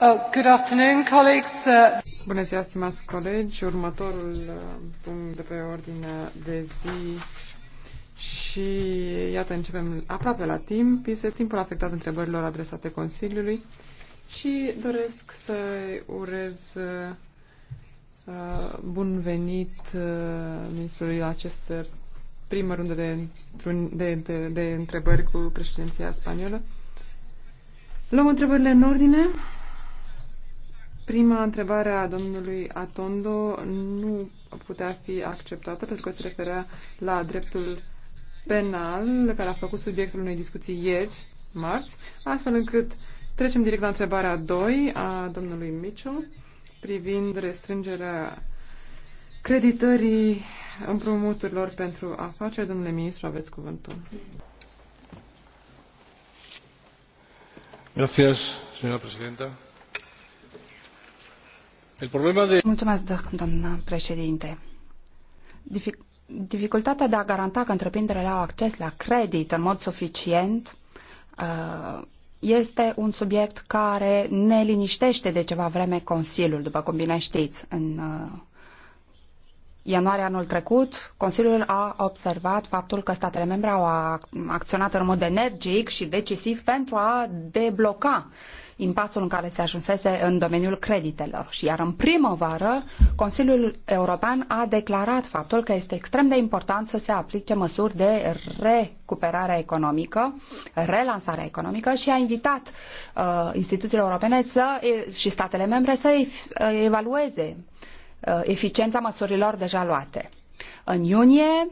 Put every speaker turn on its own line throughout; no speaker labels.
Oh, uh, Bună ziua, stimați colegi. Următorul uh, punct de pe ordine de zi și iată, începem aproape la timp. Este timpul afectat întrebărilor adresate Consiliului și doresc uh, să urez bun venit ministrului la acest primă rundă de, de, de, de întrebări cu președinția spaniolă. Luăm întrebările în ordine. Prima întrebare a domnului Atondo nu putea fi acceptată pentru că se referea la dreptul penal care a făcut subiectul unei discuții ieri, marți, astfel încât trecem direct la întrebarea a 2 a domnului Mitchell privind restrângerea creditării împrumuturilor pentru afaceri. Domnule ministru, aveți cuvântul.
Gracias, señora presidenta. De... președinte.
dificultatea de a garanta că întreprinderile au acces la credit în mod suficient uh, este un subiect care ne liniștește de ceva vreme Consiliul, după cum bine știți. În uh, ianuarie anul trecut, Consiliul a observat faptul că statele membre au acționat în mod energic și decisiv pentru a debloca impasul în care se ajunsese în domeniul creditelor. Și iar în primăvară, Consiliul European a declarat faptul că este extrem de important să se aplice măsuri de recuperare economică, relansare economică și a invitat uh, instituțiile europene să, și statele membre să uh, evalueze uh, eficiența măsurilor deja luate. În iunie,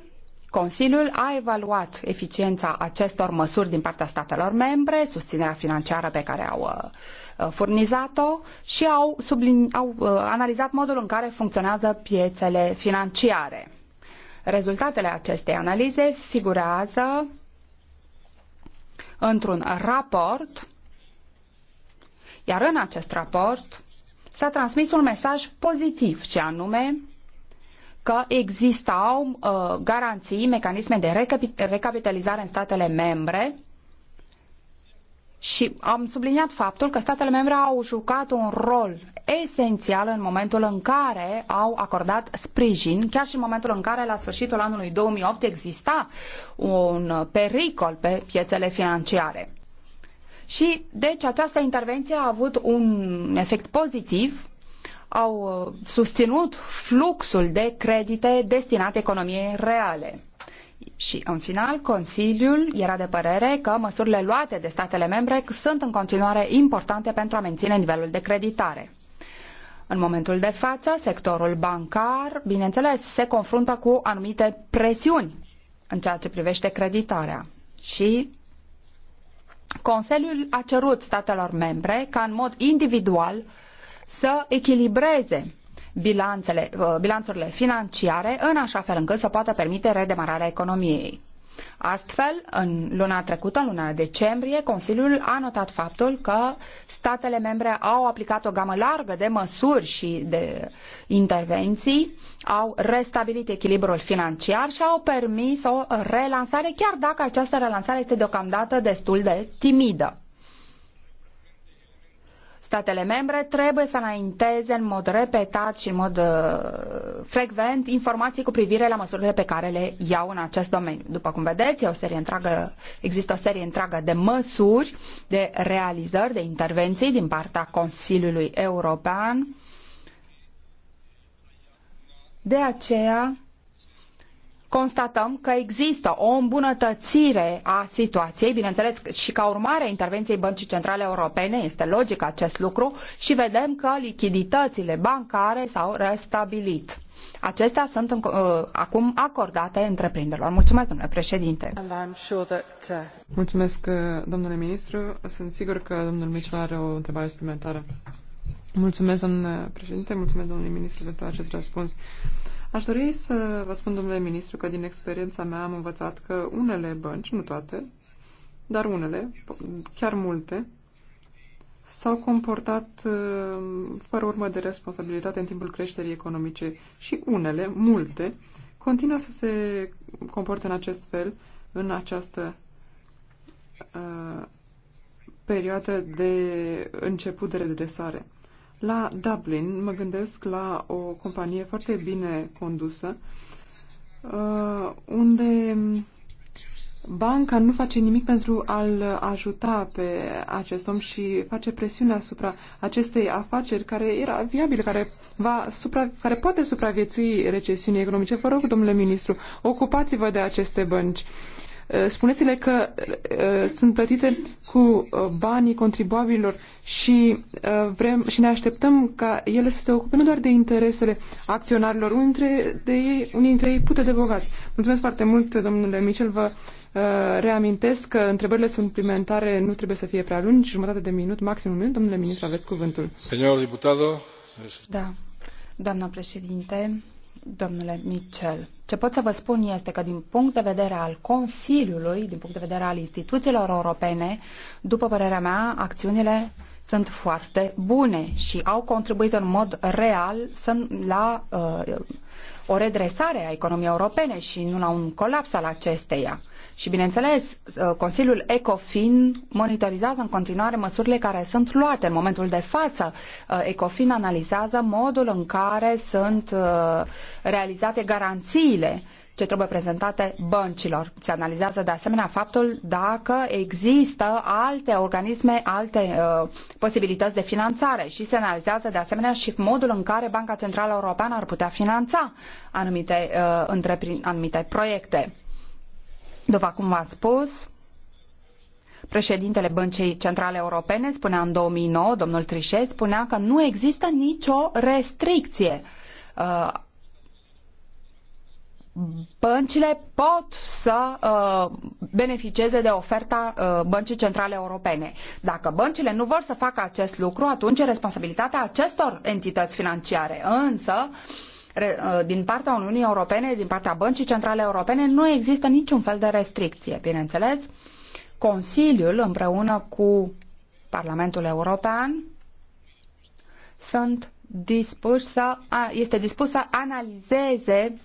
Consiliul a evaluat eficiența acestor măsuri din partea statelor membre, susținerea financiară pe care au uh, furnizat-o și au, sublin, au uh, analizat modul în care funcționează piețele financiare. Rezultatele acestei analize figurează într-un raport, iar în acest raport s-a transmis un mesaj pozitiv și anume că existau uh, garanții, mecanisme de recapitalizare în statele membre și am subliniat faptul că statele membre au jucat un rol esențial în momentul în care au acordat sprijin, chiar și în momentul în care la sfârșitul anului 2008 exista un pericol pe piețele financiare. Și deci această intervenție a avut un efect pozitiv au uh, susținut fluxul de credite destinate economiei reale. Și, în final, Consiliul era de părere că măsurile luate de statele membre sunt în continuare importante pentru a menține nivelul de creditare. În momentul de față, sectorul bancar, bineînțeles, se confruntă cu anumite presiuni în ceea ce privește creditarea. Și Consiliul a cerut statelor membre ca în mod individual să echilibreze bilanțele, uh, bilanțurile financiare în așa fel încât să poată permite redemararea economiei. Astfel, în luna trecută, în luna decembrie, Consiliul a notat faptul că statele membre au aplicat o gamă largă de măsuri și de intervenții, au restabilit echilibrul financiar și au permis o relansare, chiar dacă această relansare este deocamdată destul de timidă. Statele membre trebuie să înainteze în mod repetat și în mod uh, frecvent informații cu privire la măsurile pe care le iau în acest domeniu. După cum vedeți, o serie întreagă, există o serie întreagă de măsuri, de realizări, de intervenții din partea Consiliului European. De aceea, constatăm că există o îmbunătățire a situației, bineînțeles și ca urmare a intervenției Băncii Centrale Europene, este logic acest lucru, și vedem că lichiditățile bancare s-au restabilit. Acestea sunt în, uh, acum acordate întreprinderilor. Mulțumesc, domnule președinte.
Uh, Mulțumesc, uh, domnule ministru. Sunt sigur că domnul Mitchell are o întrebare suplimentară. Mulțumesc, domnule președinte, mulțumesc, domnule ministru, pentru acest răspuns. Aș dori să vă spun, domnule ministru, că din experiența mea am învățat că unele bănci, nu toate, dar unele, chiar multe, s-au comportat uh, fără urmă de responsabilitate în timpul creșterii economice și unele, multe, continuă să se comporte în acest fel în această uh, perioadă de început de redresare. La Dublin mă gândesc la o companie foarte bine condusă, uh, unde banca nu face nimic pentru a-l ajuta pe acest om și face presiune asupra acestei afaceri care era viabilă, care, va supra, care poate supraviețui recesiunii economice. Vă rog, domnule ministru, ocupați-vă de aceste bănci. Uh, Eh, spuneți-le că eh, sunt plătite cu eh, banii contribuabililor și, vrem, și ne așteptăm ca ele să se ocupe nu doar de interesele acționarilor, unii dintre, de ei, unii dintre ei pute de bogați. Mulțumesc foarte mult, domnule Michel, vă reamintesc că întrebările suplimentare nu trebuie să fie prea lungi, jumătate de minut, maxim un minut. Domnule ministru, aveți
cuvântul. Senor diputado.
Da, doamna președinte, domnule Mitchell. Ce pot să vă spun este că din punct de vedere al Consiliului, din punct de vedere al instituțiilor europene, după părerea mea, acțiunile sunt foarte bune și au contribuit în mod real la uh, o redresare a economiei europene și nu la un colaps al acesteia. Și, bineînțeles, uh, Consiliul ECOFIN monitorizează în continuare măsurile care sunt luate. În momentul de față, uh, ECOFIN analizează modul în care sunt uh, realizate garanțiile ce trebuie prezentate băncilor. Se analizează de asemenea faptul dacă există alte organisme, alte uh, posibilități de finanțare și se analizează de asemenea și modul în care Banca Centrală Europeană ar putea finanța anumite, uh, anumite proiecte. După cum v-am spus, președintele Băncii Centrale Europene spunea în 2009, domnul Trichet spunea că nu există nicio restricție. Uh, băncile pot să uh, beneficieze de oferta uh, Băncii Centrale Europene. Dacă băncile nu vor să facă acest lucru, atunci e responsabilitatea acestor entități financiare. Însă, Uh, din partea Uniunii Europene, din partea Băncii Centrale Europene, nu există niciun fel de restricție. Bineînțeles, Consiliul împreună cu Parlamentul European sunt dispus să, este dispus să analizeze uh,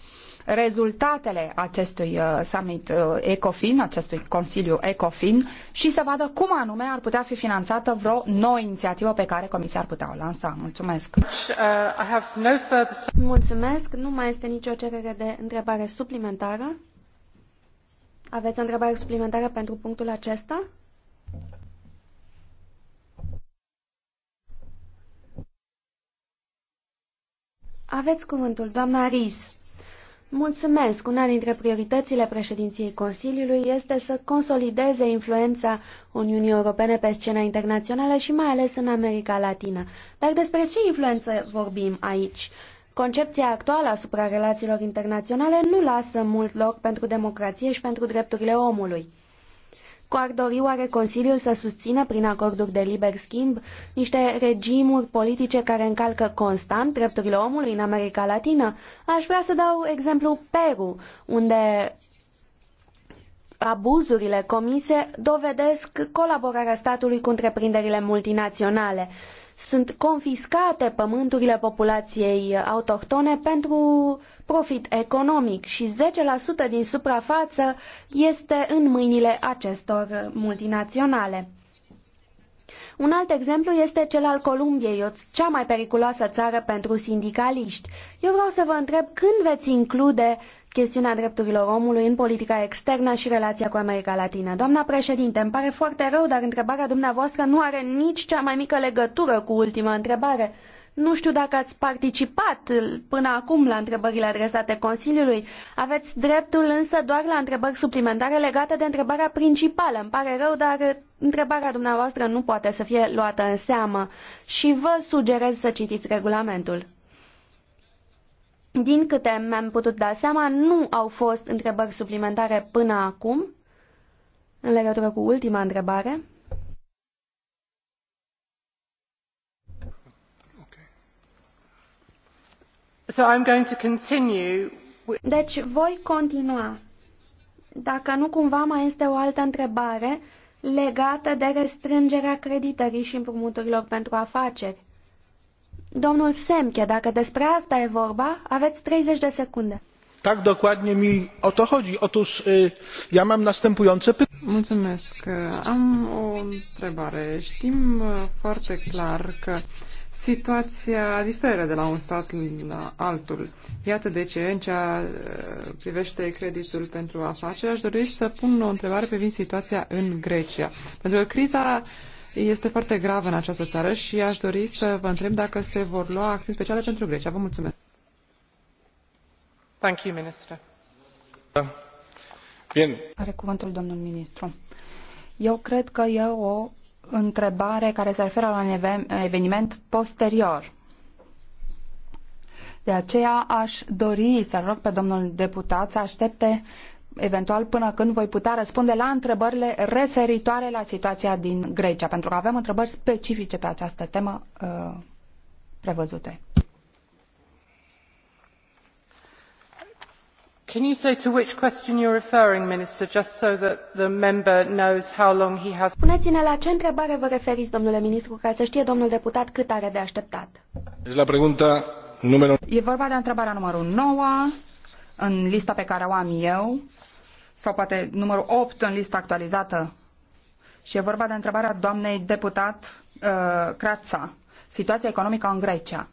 rezultatele acestui uh, summit uh, ECOFIN, acestui Consiliu ECOFIN și să vadă cum anume ar putea fi finanțată vreo nouă inițiativă pe care Comisia ar putea o lansa. Mulțumesc!
Uh, Mulțumesc! Nu mai este nicio cerere de întrebare suplimentară. Aveți o întrebare suplimentară pentru punctul acesta? Aveți cuvântul, doamna Riz. Mulțumesc! Una dintre prioritățile președinției Consiliului este să consolideze influența Uniunii Europene pe scena internațională și mai ales în America Latină. Dar despre ce influență vorbim aici? Concepția actuală asupra relațiilor internaționale nu lasă mult loc pentru democrație și pentru drepturile omului ar dori oare Consiliul să susțină prin acorduri de liber schimb niște regimuri politice care încalcă constant drepturile omului în America Latină? Aș vrea să dau exemplu Peru, unde abuzurile comise dovedesc colaborarea statului cu întreprinderile multinaționale. Sunt confiscate pământurile populației autohtone pentru profit economic și 10% din suprafață este în mâinile acestor multinaționale. Un alt exemplu este cel al Columbiei, o cea mai periculoasă țară pentru sindicaliști. Eu vreau să vă întreb când veți include chestiunea drepturilor omului în politica externă și relația cu America Latină. Doamna președinte, îmi pare foarte rău, dar întrebarea dumneavoastră nu are nici cea mai mică legătură cu ultima întrebare. Nu știu dacă ați participat până acum la întrebările adresate Consiliului. Aveți dreptul însă doar la întrebări suplimentare legate de întrebarea principală. Îmi pare rău, dar întrebarea dumneavoastră nu poate să fie luată în seamă și vă sugerez să citiți regulamentul. Din câte mi-am putut da seama, nu au fost întrebări suplimentare până acum, în legătură cu ultima întrebare. Deci voi continua. Dacă nu cumva mai este o altă întrebare legată de restrângerea creditării și împrumuturilor pentru afaceri. Domnul Semche, dacă despre asta e vorba, aveți 30 de secunde.
Tak dokładnie mi o to chodzi. Otóż ja mam następujące pytanie. Mulțumesc.
Am o
întrebare.
Știm foarte clar că situația diferă de la un stat la altul. Iată de ce, în ceea uh, privește creditul pentru afaceri, aș dori să pun o întrebare privind situația în Grecia. Pentru că criza este foarte gravă în această țară și aș dori să vă întreb dacă se vor lua acțiuni speciale pentru Grecia. Vă mulțumesc. Thank you, Minister.
Bine.
Are cuvântul domnul ministru. Eu cred că e o întrebare care se referă la un eveniment posterior. De aceea aș dori să rog pe domnul deputat să aștepte eventual până când voi putea răspunde la întrebările referitoare la situația din Grecia, pentru că avem întrebări specifice pe această temă uh, prevăzute.
Can you say to which question you are referring, Minister, just so that the member
knows how long he has...
Spuneți-ne la ce întrebare vă referiți, domnule ministru, ca să știe domnul deputat cât are de așteptat.
Deci la pregunta numero...
E vorba de întrebarea numărul 9,
în lista pe care o am eu, sau poate numărul 8 în lista actualizată. Și e vorba de întrebarea doamnei deputat uh, Crața, situația economică în Grecia.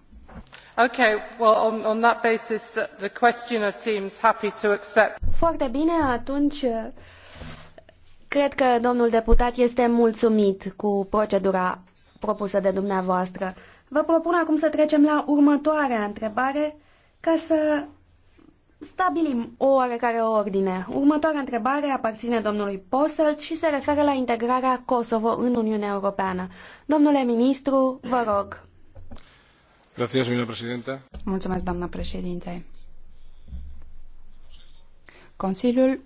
Foarte bine, atunci uh, cred că domnul deputat este mulțumit cu procedura propusă de dumneavoastră. Vă propun acum să trecem la următoarea întrebare ca să stabilim o oarecare ordine. Următoarea întrebare aparține domnului Posselt și se referă la integrarea Kosovo în Uniunea Europeană. Domnule ministru, vă rog. Mulțumesc, doamnă
președinte. Consiliul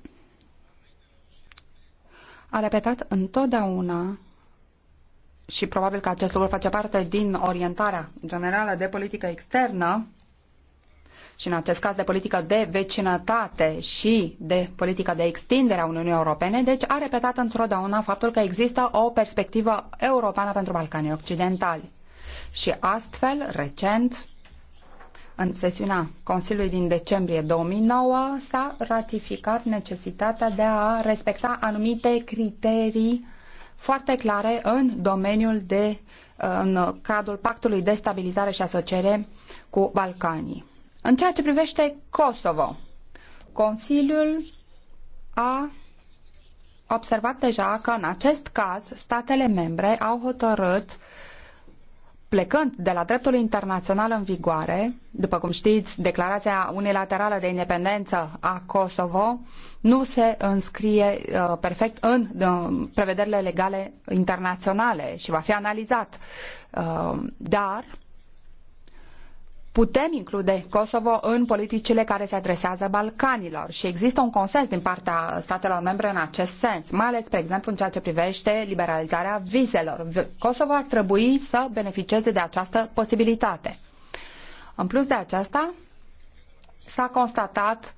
a repetat întotdeauna și probabil că acest lucru face parte din orientarea generală de politică externă și în acest caz de politică de vecinătate și de politică de extindere a Uniunii Europene, deci a repetat întotdeauna faptul că există o perspectivă europeană pentru Balcanii Occidentali. Și astfel, recent, în sesiunea Consiliului din decembrie 2009 s-a ratificat necesitatea de a respecta anumite criterii foarte clare în domeniul de în cadrul pactului de stabilizare și asociere cu Balcanii. În ceea ce privește Kosovo, Consiliul a observat deja că în acest caz statele membre au hotărât uh, Plecând de la dreptul internațional în vigoare, după cum știți, declarația unilaterală de independență a Kosovo nu se înscrie uh, perfect în uh, prevederile legale internaționale și va fi analizat. Uh, dar putem include Kosovo în politicile care se adresează Balcanilor și există un consens din partea statelor membre în acest sens, mai ales, spre exemplu, în ceea ce privește liberalizarea vizelor. Kosovo ar trebui să beneficieze de această posibilitate. În plus de aceasta, s-a constatat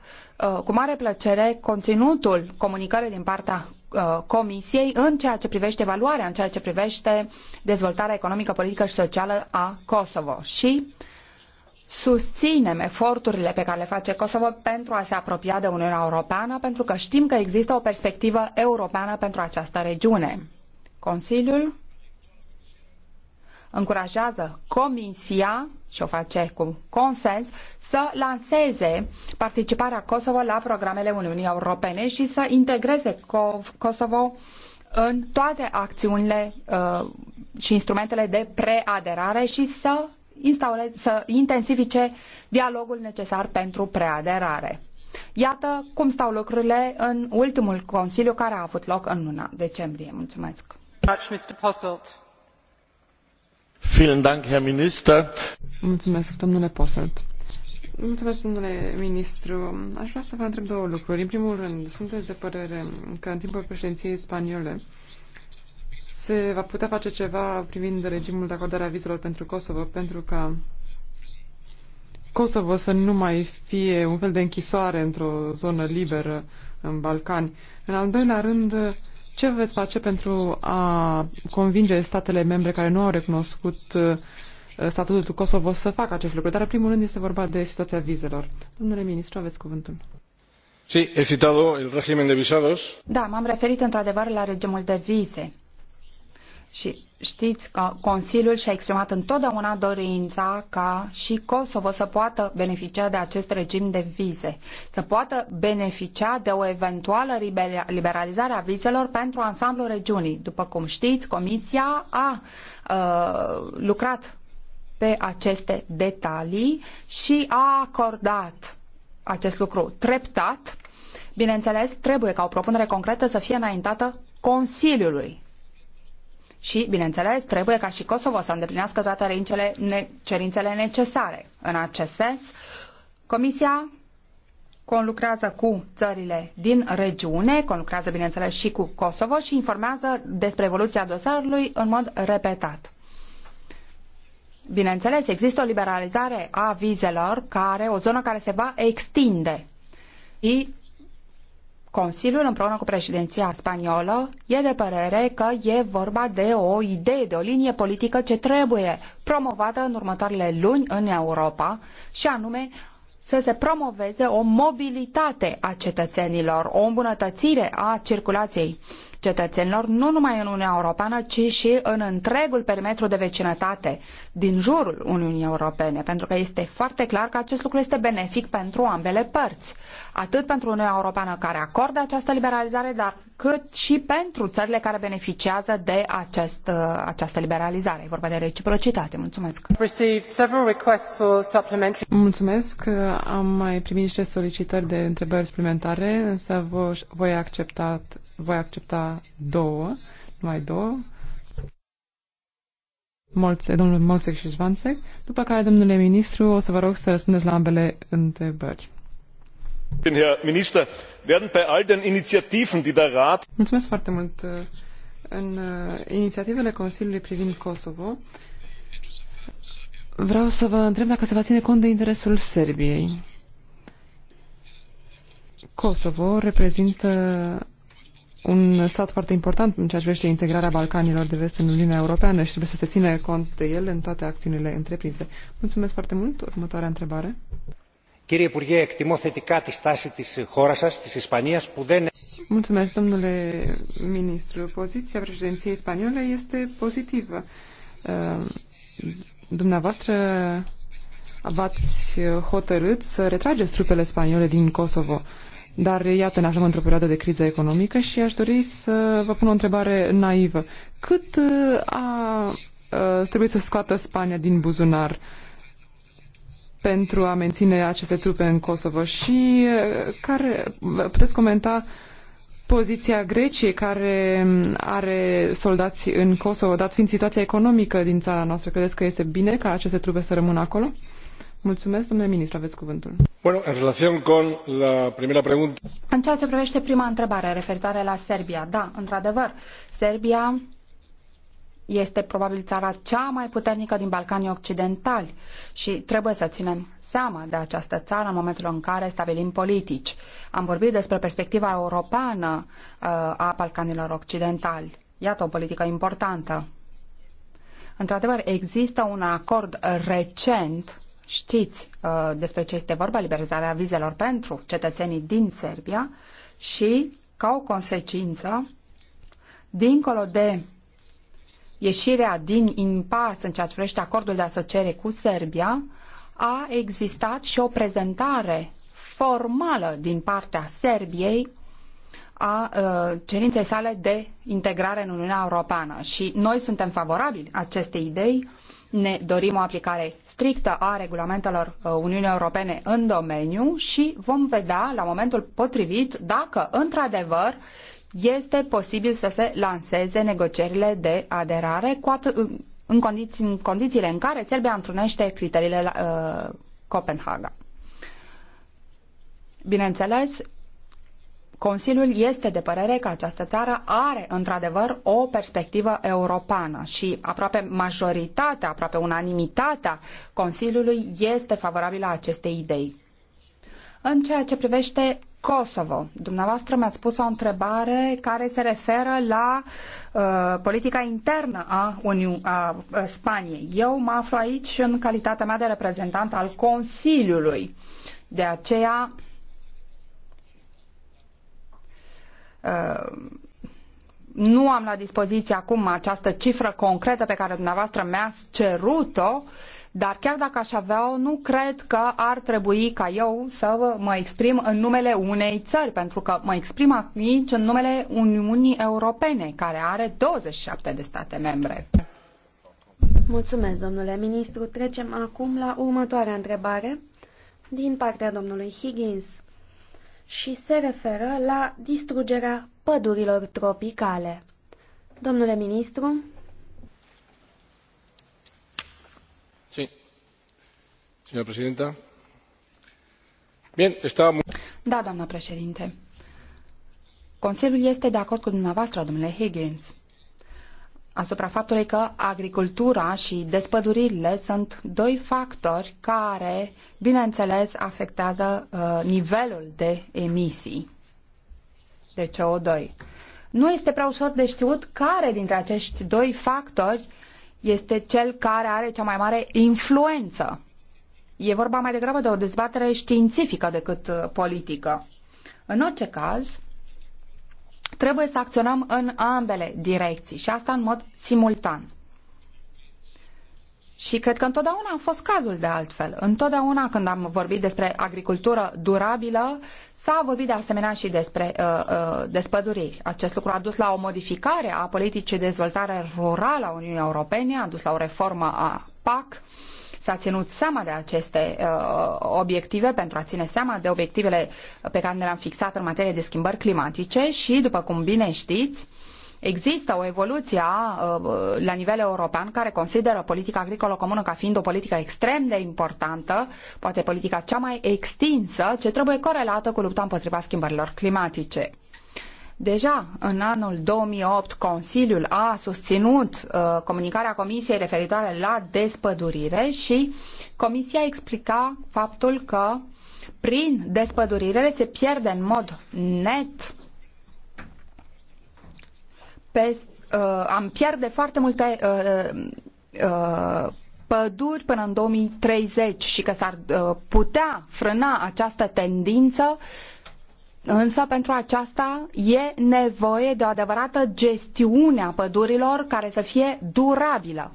uh, cu mare plăcere conținutul comunicării din partea uh, Comisiei în ceea ce privește evaluarea, în ceea ce privește dezvoltarea economică, politică și socială a Kosovo. Și susținem eforturile pe care le face Kosovo pentru a se apropia de Uniunea Europeană, pentru că știm că există o perspectivă europeană pentru această regiune. Consiliul încurajează Comisia, și o face cu consens, să lanseze participarea Kosovo la programele Uniunii Europene și să integreze Kosovo în toate acțiunile uh, și instrumentele de preaderare și să instaureze, să intensifice dialogul necesar pentru preaderare. Iată cum stau lucrurile în ultimul Consiliu care a avut loc în luna decembrie. Mulțumesc!
Mulțumesc, domnule Posselt. Mulțumesc, domnule ministru. Aș vrea să vă întreb două lucruri. În primul rând, sunteți de părere că în timpul președinției spaniole se va putea face ceva privind regimul de acordare a vizelor pentru Kosovo, pentru ca Kosovo să nu mai fie un fel de închisoare într-o zonă liberă în Balcani. În al doilea rând, ce veți face pentru a convinge statele membre care nu au recunoscut uh, statutul Kosovo să facă acest lucru? Dar, în primul rând, este vorba de situația vizelor. Domnule ministru,
aveți cuvântul.
Sí, he citado el régimen de visados.
Da, m-am referit într-adevăr la regimul de vize. Și știți că Consiliul și-a exprimat întotdeauna dorința ca și Kosovo să poată beneficia de acest regim de vize, să poată beneficia de o eventuală liberalizare a vizelor pentru ansamblul regiunii. După cum știți, Comisia a uh, lucrat pe aceste detalii și a acordat acest lucru treptat. Bineînțeles, trebuie ca o propunere concretă să fie înaintată Consiliului și, bineînțeles, trebuie ca și Kosovo să îndeplinească toate cerințele necesare. În acest sens, Comisia conlucrează cu țările din regiune, conlucrează, bineînțeles, și cu Kosovo și informează despre evoluția dosarului în mod repetat. Bineînțeles, există o liberalizare a vizelor, care, o zonă care se va extinde. Și Consiliul, împreună cu președinția spaniolă, e de părere că e vorba de o idee, de o linie politică ce trebuie promovată în următoarele luni în Europa, și anume să se promoveze o mobilitate a cetățenilor, o îmbunătățire a circulației cetățenilor, nu numai în Uniunea Europeană, ci și în întregul perimetru de vecinătate din jurul Uniunii Europene, pentru că este foarte clar că acest lucru este benefic pentru ambele părți, atât pentru Uniunea Europeană care acordă această liberalizare, dar cât și pentru țările care beneficiază de acest, uh, această liberalizare. E vorba de reciprocitate. Mulțumesc.
Mulțumesc. Am mai primit niște solicitări de întrebări suplimentare, însă voi accepta voi accepta două, numai două. Molțe, domnul Molțec și Zvanțec, după care, domnule ministru, o să vă rog să răspundeți la ambele întrebări.
Herr Minister, werden bei all den Initiativen, die der Rat...
Mulțumesc foarte mult. În uh, inițiativele Consiliului privind Kosovo, vreau să vă întreb dacă se va ține cont de interesul Serbiei. Kosovo reprezintă un stat foarte important în ceea ce privește integrarea Balcanilor de vest în Uniunea Europeană și trebuie să se ține cont de el în toate acțiunile întreprinse. Mulțumesc foarte mult. Următoarea întrebare.
Κύριε Υπουργέ, εκτιμώ θετικά τη στάση της χώρας σας, της Ισπανίας, που δεν...
Mulțumesc, domnule ministru. Poziția președinției spaniole este pozitivă. Uh, dumneavoastră v-ați hotărât să retrageți trupele spaniole din Kosovo. Dar iată, ne aflăm într-o perioadă de criză economică și aș dori să vă pun o întrebare naivă. Cât uh, a, a uh, trebuit să scoată Spania din buzunar pentru a menține aceste trupe în Kosovo și uh, care puteți comenta poziția Greciei care um, are soldați în Kosovo, dat fiind situația economică din țara noastră, credeți că este bine ca aceste trupe să rămână acolo? Mulțumesc, domnule ministru, aveți cuvântul.
Bueno, en relación con la primera pregunta.
În ceea ce privește prima întrebare referitoare la Serbia, da, într-adevăr, Serbia este probabil țara cea mai puternică din Balcanii Occidentali și trebuie să ținem seama de această țară în momentul în care stabilim politici. Am vorbit despre perspectiva europeană uh, a Balcanilor Occidentali. Iată o politică importantă. Într-adevăr, există un acord recent Știți uh, despre ce este vorba, liberalizarea vizelor pentru cetățenii din Serbia și, ca o consecință, dincolo de ieșirea din impas în ceea ce privește acordul de asociere cu Serbia, a existat și o prezentare formală din partea Serbiei a uh, cerinței sale de integrare în Uniunea Europeană. Și noi suntem favorabili acestei idei ne dorim o aplicare strictă a regulamentelor uh, Uniunii Europene în domeniu și vom vedea la momentul potrivit dacă, într-adevăr, este posibil să se lanseze negocierile de aderare cu at- în, condiții, în condițiile în care Serbia întrunește criteriile la, uh, Copenhaga. Bineînțeles, Consiliul este de părere că această țară are într-adevăr o perspectivă europeană și aproape majoritatea, aproape unanimitatea Consiliului este favorabilă acestei idei. În ceea ce privește Kosovo, dumneavoastră mi-ați pus o întrebare care se referă la uh, politica internă a, a Spaniei. Eu mă aflu aici în calitatea mea de reprezentant al Consiliului. De aceea Uh, nu am la dispoziție acum această cifră concretă pe care dumneavoastră mi-ați cerut-o, dar chiar dacă aș avea-o, nu cred că ar trebui ca eu să mă exprim în numele unei țări, pentru că mă exprim aici în numele Uniunii Europene, care are 27 de state membre.
Mulțumesc, domnule ministru. Trecem acum la următoarea întrebare din partea domnului Higgins și se referă la distrugerea pădurilor tropicale. Domnule ministru.
Sí. Señora presidenta. Bien, está...
Da, doamna președinte. Consiliul este de acord cu dumneavoastră, domnule Higgins asupra faptului că agricultura și despăduririle sunt doi factori care, bineînțeles, afectează uh, nivelul de emisii de CO2. Nu este prea ușor de știut care dintre acești doi factori este cel care are cea mai mare influență. E vorba mai degrabă de o dezbatere științifică decât uh, politică. În orice caz, Trebuie să acționăm în ambele direcții și asta în mod simultan. Și cred că întotdeauna a fost cazul de altfel. Întotdeauna când am vorbit despre agricultură durabilă, s-a vorbit de asemenea și despre uh, uh, despăduriri. Acest lucru a dus la o modificare a politicii de dezvoltare rurală a Uniunii Europene, a dus la o reformă a PAC. Uh, S-a ținut seama de aceste uh, obiective pentru a ține seama de obiectivele pe care ne le-am fixat în materie de schimbări climatice și, după cum bine știți, Există o evoluție a, uh, la nivel european care consideră politica agricolă comună ca fiind o politică extrem de importantă, poate politica cea mai extinsă, ce trebuie corelată cu lupta împotriva schimbărilor climatice. Deja în anul 2008 Consiliul a susținut uh, comunicarea Comisiei referitoare la despădurire și Comisia explica faptul că prin despădurire se pierde în mod net pe, uh, am pierde foarte multe uh, uh, uh păduri până în 2030 și că s-ar uh, putea frâna această tendință Însă pentru aceasta e nevoie de o adevărată gestiune a pădurilor care să fie durabilă.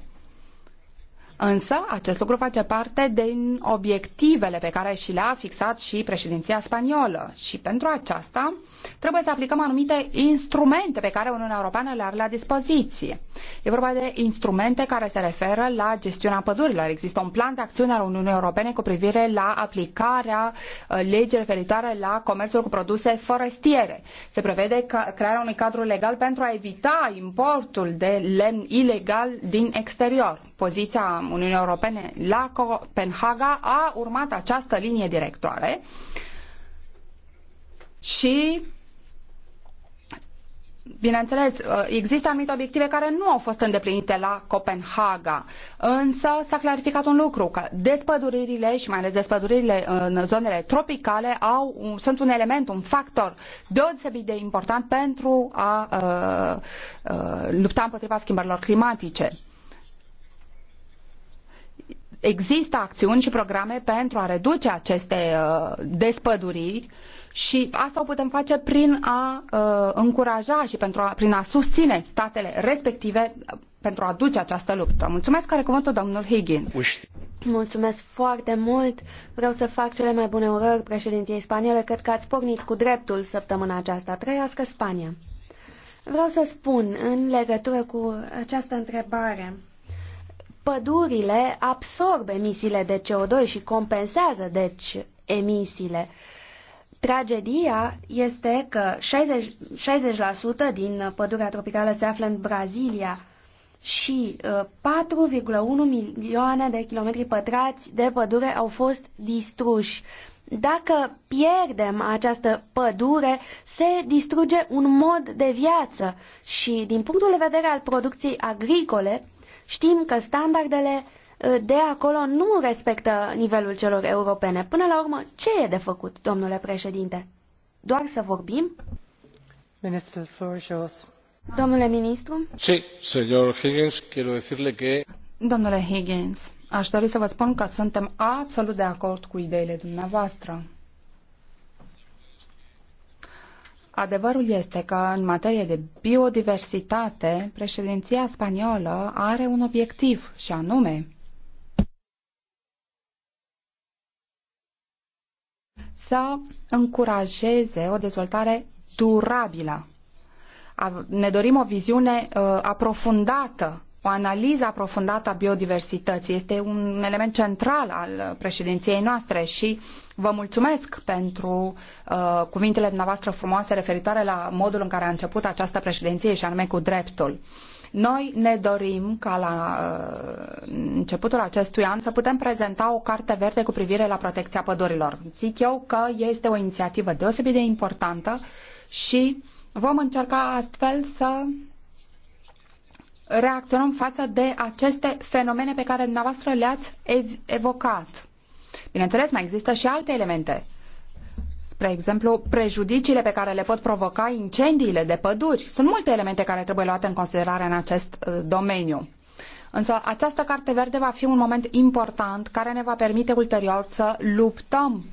Însă acest lucru face parte din obiectivele pe care și le-a fixat și președinția spaniolă și pentru aceasta trebuie să aplicăm anumite instrumente pe care Uniunea Europeană le are la dispoziție. E vorba de instrumente care se referă la gestiunea pădurilor. Există un plan de acțiune al Uniunii Europene cu privire la aplicarea uh, legii referitoare la comerțul cu produse forestiere. Se prevede crearea unui cadru legal pentru a evita importul de lemn ilegal din exterior. Poziția Uniunii Europene la Copenhaga a urmat această linie directoare și Bineînțeles, uh, există anumite obiective care nu au fost îndeplinite la Copenhaga, însă s-a clarificat un lucru, că despăduririle și mai ales despăduririle în zonele tropicale au, sunt un element, un factor deosebit de important pentru a, uh, a uh, lupta împotriva schimbărilor climatice există acțiuni și programe pentru a reduce aceste uh, despăduriri și asta o putem face prin a uh, încuraja și pentru a, prin a susține statele respective pentru a duce această luptă. Mulțumesc, care cuvântul domnul Higgins.
Mulțumesc foarte mult. Vreau să fac cele mai bune urări președinției spaniole. Cred că ați pornit cu dreptul săptămâna aceasta. Trăiască Spania! Vreau să spun în legătură cu această întrebare pădurile absorb emisiile de CO2 și compensează, deci, emisiile. Tragedia este că 60, 60% din pădurea tropicală se află în Brazilia și 4,1 uh, milioane de kilometri pătrați de pădure au fost distruși. Dacă pierdem această pădure, se distruge un mod de viață și, din punctul de vedere al producției agricole, Știm că standardele uh, de acolo nu respectă nivelul celor europene. Până la urmă, ce e de făcut, domnule președinte? Doar să vorbim? Minister, Domnule ministru?
Sí, señor Higgins, quiero decirle que...
Domnule Higgins, aș
dori să vă spun că suntem absolut de acord cu ideile dumneavoastră. Adevărul este că în materie de biodiversitate, președinția spaniolă are un obiectiv și anume să încurajeze o dezvoltare durabilă. Ne dorim o viziune uh, aprofundată o analiză aprofundată a biodiversității. Este un element central al președinției noastre și vă mulțumesc pentru uh, cuvintele dumneavoastră frumoase referitoare la modul în care a început această președinție și anume cu dreptul. Noi ne dorim ca la uh, începutul acestui an să putem prezenta o carte verde cu privire la protecția pădurilor. Zic eu că este o inițiativă deosebit de importantă și vom încerca astfel să reacționăm față de aceste fenomene pe care dumneavoastră le-ați ev- evocat. Bineînțeles, mai există și alte elemente. Spre exemplu, prejudiciile pe care le pot provoca incendiile de păduri. Sunt multe elemente care trebuie luate în considerare în acest uh, domeniu. Însă această carte verde va fi un moment important care ne va permite ulterior să luptăm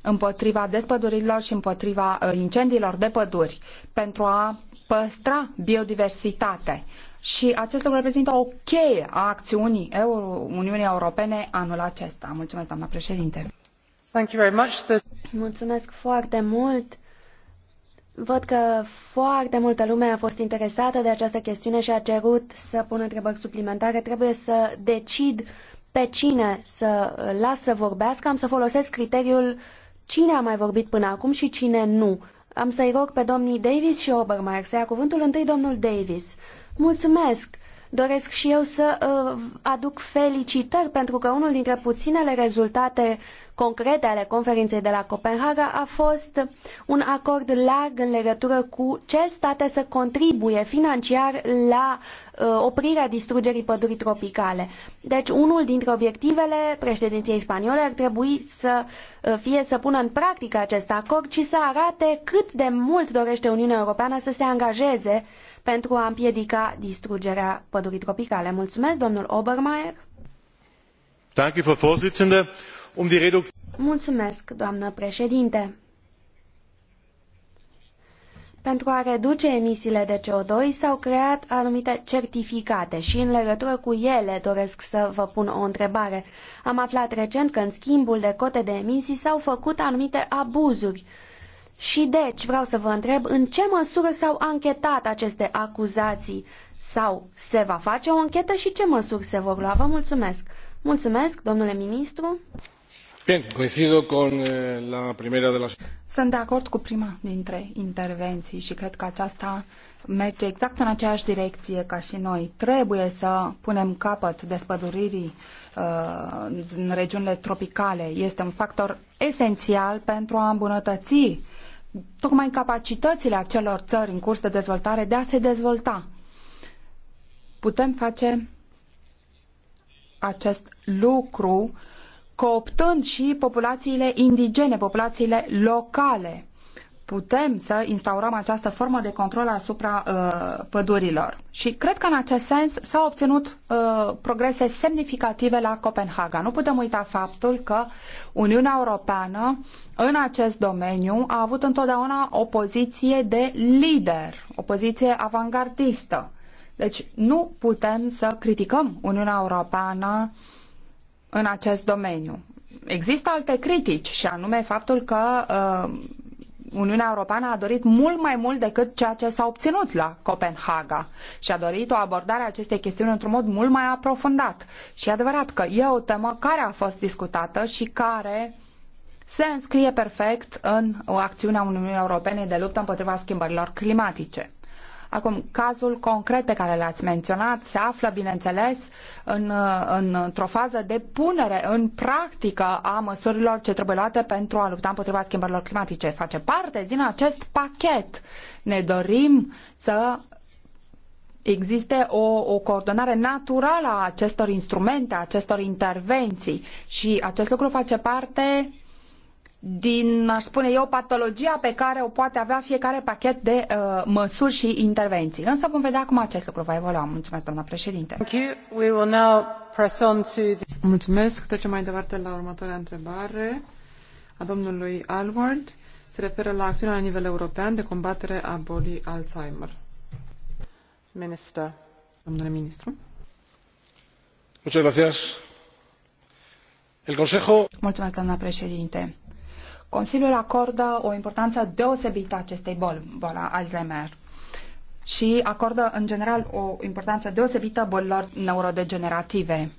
împotriva despădurilor și împotriva uh, incendiilor de păduri pentru a păstra biodiversitate și acest lucru reprezintă o cheie a acțiunii Euro Uniunii Europene
anul acesta. Mulțumesc, doamna președinte. Thank you very much. Mulțumesc foarte mult. Văd că foarte multă lume a fost interesată de această chestiune și a cerut să pună întrebări suplimentare. Trebuie să decid pe cine să las să vorbească. Am să folosesc criteriul cine a mai vorbit până acum și cine nu. Am să-i rog pe domnii Davis și Obermeier să ia cuvântul întâi domnul Davis. Mulțumesc! Doresc și eu să uh, aduc felicitări pentru că unul dintre puținele rezultate concrete ale conferinței de la Copenhaga a fost un acord larg în legătură cu ce state să contribuie financiar la uh, oprirea distrugerii pădurii tropicale. Deci unul dintre obiectivele președinției spaniole ar trebui să uh, fie să pună în practică acest acord și să arate cât de mult dorește Uniunea Europeană să se angajeze uh, pentru a împiedica distrugerea pădurii tropicale. Mulțumesc, domnul Obermeier. Um Mulțumesc, doamnă președinte. Pentru a reduce emisiile de CO2 s-au creat anumite certificate și în legătură cu ele doresc să vă pun o întrebare. Am aflat recent că în schimbul de cote de emisii s-au făcut anumite abuzuri și deci vreau să vă întreb în ce măsură s-au anchetat aceste acuzații sau se va face o anchetă și ce măsuri se vor lua. Vă mulțumesc. Mulțumesc, domnule ministru.
Eh,
Sunt de acord cu prima dintre intervenții și cred că aceasta merge exact în aceeași direcție ca și noi. Trebuie să punem capăt despăduririi uh, Uh, în regiunile tropicale este un factor esențial pentru a îmbunătăți tocmai capacitățile acelor țări în curs de dezvoltare de a se dezvolta. Putem face acest lucru cooptând și populațiile indigene, populațiile locale putem să instaurăm această formă de control asupra uh, pădurilor. Și cred că în acest sens s-au obținut uh, progrese semnificative la Copenhaga. Nu putem uita faptul că Uniunea Europeană în acest domeniu a avut întotdeauna o poziție de lider, o poziție avangardistă. Deci nu putem să criticăm Uniunea Europeană în acest domeniu. Există alte critici și anume faptul că uh, Uniunea Europeană a dorit mult mai mult decât ceea ce s-a obținut la Copenhaga și a dorit o abordare a acestei chestiuni într-un mod mult mai aprofundat. Și e adevărat că e o temă care a fost discutată și care se înscrie perfect în o acțiune a Uniunii Europene de luptă împotriva schimbărilor climatice. Acum, cazul concret pe care l-ați menționat se află, bineînțeles, în, în, într-o fază de punere în practică a măsurilor ce trebuie luate pentru a lupta împotriva schimbărilor climatice. Face parte din acest pachet. Ne dorim să existe o, o coordonare naturală a acestor instrumente, a acestor intervenții și acest lucru face parte din, aș spune eu, patologia pe care o poate avea fiecare pachet de uh, măsuri și intervenții. Însă vom vedea cum acest lucru va evolua. Mulțumesc, doamna președinte.
Mulțumesc. Trecem mai departe la următoarea întrebare a domnului Alward. Se referă la acțiunea la nivel european de combatere a bolii Alzheimer.
Minister. Domnule ministru. Mulțumesc, doamna președinte Consiliul acordă o importanță deosebită acestei boli, boala Alzheimer și acordă în general o importanță deosebită bolilor neurodegenerative.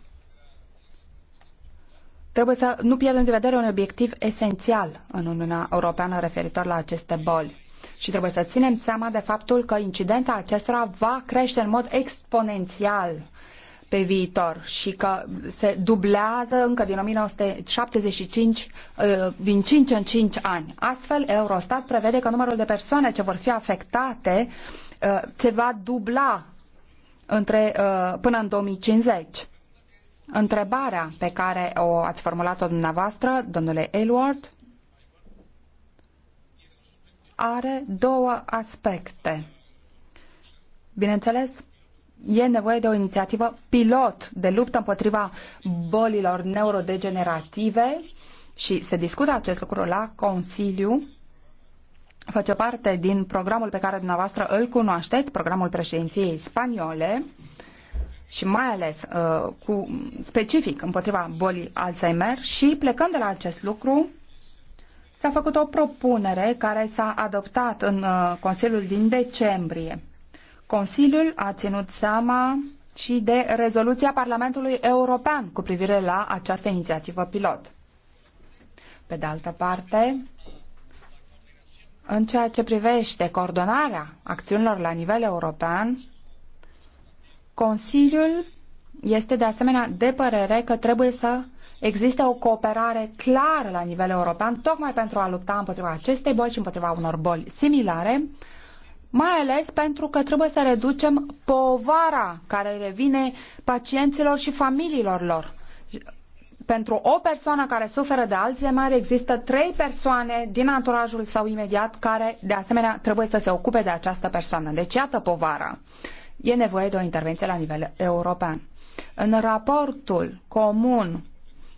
Trebuie să nu pierdem de vedere un obiectiv esențial în Uniunea Europeană referitor la aceste boli. Și trebuie să ținem seama de faptul că incidența acestora va crește în mod exponențial pe viitor și că se dublează încă din 1975 uh, din 5 în 5 ani. Astfel, Eurostat prevede că numărul de persoane ce vor fi afectate uh, se va dubla între, uh, până în 2050. Întrebarea pe care o ați formulat-o dumneavoastră, domnule Elward, are două aspecte. Bineînțeles, e nevoie de o inițiativă pilot de luptă împotriva bolilor neurodegenerative și se discută acest lucru la Consiliu. Face parte din programul pe care dumneavoastră îl cunoașteți, programul președinției spaniole și mai ales uh, cu specific împotriva bolii Alzheimer și plecând de la acest lucru s-a făcut o propunere care s-a adoptat în uh, Consiliul din decembrie Consiliul a ținut seama și de rezoluția Parlamentului European cu privire la această inițiativă pilot. Pe de altă parte, în ceea ce privește coordonarea acțiunilor la nivel european, Consiliul este de asemenea de părere că trebuie să existe o cooperare clară la nivel european, tocmai pentru a lupta împotriva acestei boli și împotriva unor boli similare, mai ales pentru că trebuie să reducem povara care revine pacienților și familiilor lor. Pentru o persoană care suferă de Alzheimer există trei persoane din anturajul sau imediat care, de asemenea, trebuie să se ocupe de această persoană. Deci, iată povara. E nevoie de o intervenție la nivel european. În raportul comun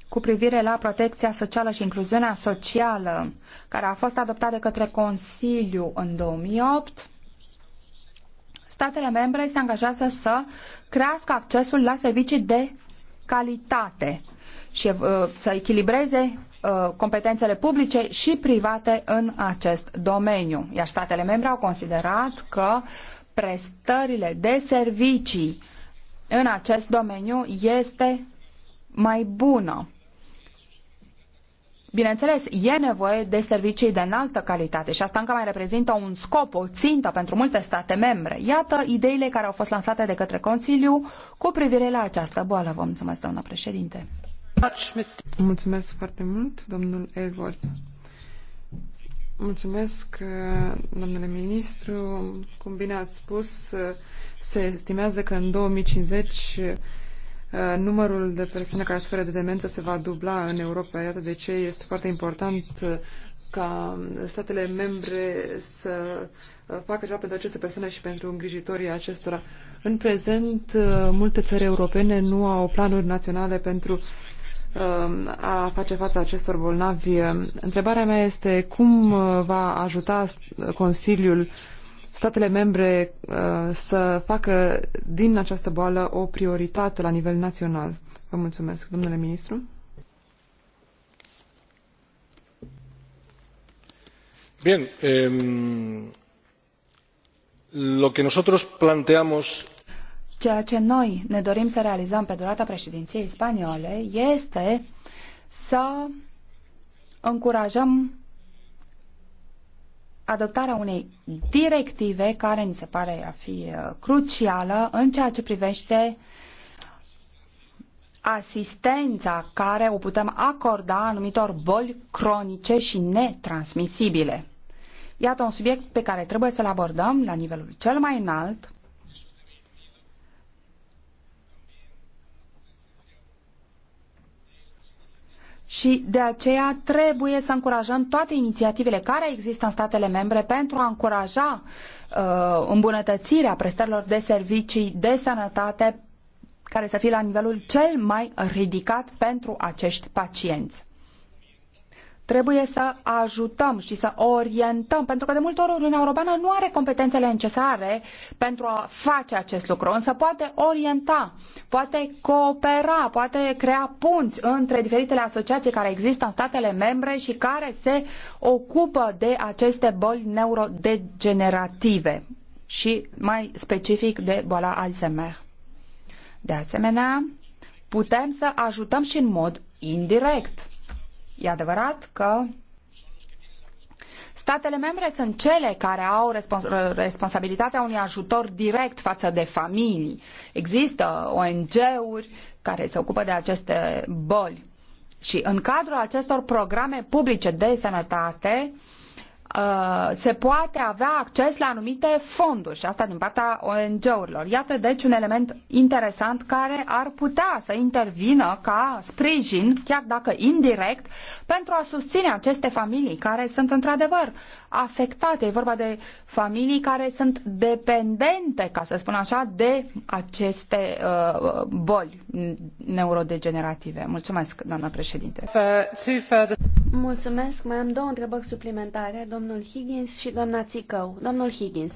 cu privire la protecția socială și incluziunea socială, care a fost adoptat de către Consiliu în 2008, statele membre se angajează să crească accesul la servicii de calitate și uh, să echilibreze uh, competențele publice și private în acest domeniu. Iar statele membre au considerat că prestările de servicii în acest domeniu este mai bună. Bineînțeles, e nevoie de servicii de înaltă calitate și asta încă mai reprezintă un scop, o țintă pentru multe state membre. Iată ideile care au fost lansate de către Consiliu cu privire la această boală. Vă mulțumesc, doamna președinte.
Mulțumesc foarte mult, domnul Elward. Mulțumesc, uh, domnule ministru. Cum bine ați spus, uh, se estimează că în 2050 Uh, numărul de persoane care suferă de demență se va dubla în Europa. Iată de ce este foarte important uh, ca statele membre să uh, facă ceva pentru aceste persoane și pentru îngrijitorii acestora. În prezent, multe țări europene nu au planuri naționale pentru a face față acestor bolnavi. Întrebarea mea este cum va ajuta Consiliul statele membre uh, să facă din această boală o prioritate la nivel național. Vă mulțumesc, domnule ministru.
Bien, eh, lo que nosotros planteamos
Ceea ce noi ne dorim să realizăm pe durata președinției spaniole este să încurajăm adoptarea unei directive care ni se pare a fi uh, crucială în ceea ce privește asistența care o putem acorda anumitor boli cronice și netransmisibile. Iată un subiect pe care trebuie să-l abordăm la nivelul cel mai înalt Și de aceea trebuie să încurajăm toate inițiativele care există în statele membre pentru a încuraja uh, îmbunătățirea prestărilor de servicii de sănătate care să fie la nivelul cel mai ridicat pentru acești pacienți. Trebuie să ajutăm și să orientăm, pentru că de multe ori Uniunea Europeană nu are competențele necesare pentru a face acest lucru, însă poate orienta, poate coopera, poate crea punți între diferitele asociații care există în statele membre și care se ocupă de aceste boli neurodegenerative și mai specific de boala Alzheimer. De asemenea, putem să ajutăm și în mod indirect. E adevărat că statele membre sunt cele care au respons responsabilitatea unui ajutor direct față de familii. Există ONG-uri care se ocupă de aceste boli. Și în cadrul acestor programe publice de sănătate, uh, Uh, se poate avea acces la anumite fonduri și asta din partea ONG-urilor. Iată deci un element interesant care ar putea să intervină ca sprijin, chiar dacă indirect, pentru a susține aceste familii care sunt într-adevăr afectate. E vorba de familii care sunt dependente, ca să spun așa, de aceste uh, boli neurodegenerative. Mulțumesc, doamna președinte.
Mulțumesc. Mai am două întrebări suplimentare, domnul Higgins și doamna Țicău. Domnul Higgins.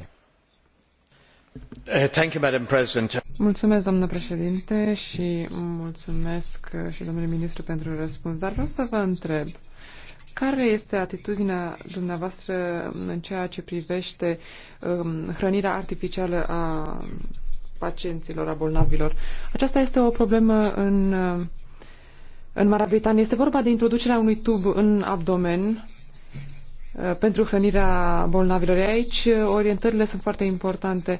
Uh, thank you, Madam President. Mulțumesc, doamnă președinte, și mulțumesc uh, și domnului ministru pentru răspuns. Dar vreau să vă întreb, uh, care este atitudinea dumneavoastră în ceea ce privește um, hrănirea artificială a pacienților, a bolnavilor? Aceasta este o problemă în, uh, în Marea Britanie. Este vorba de introducerea unui tub în abdomen uh, pentru hrănirea bolnavilor. Aici orientările sunt foarte importante.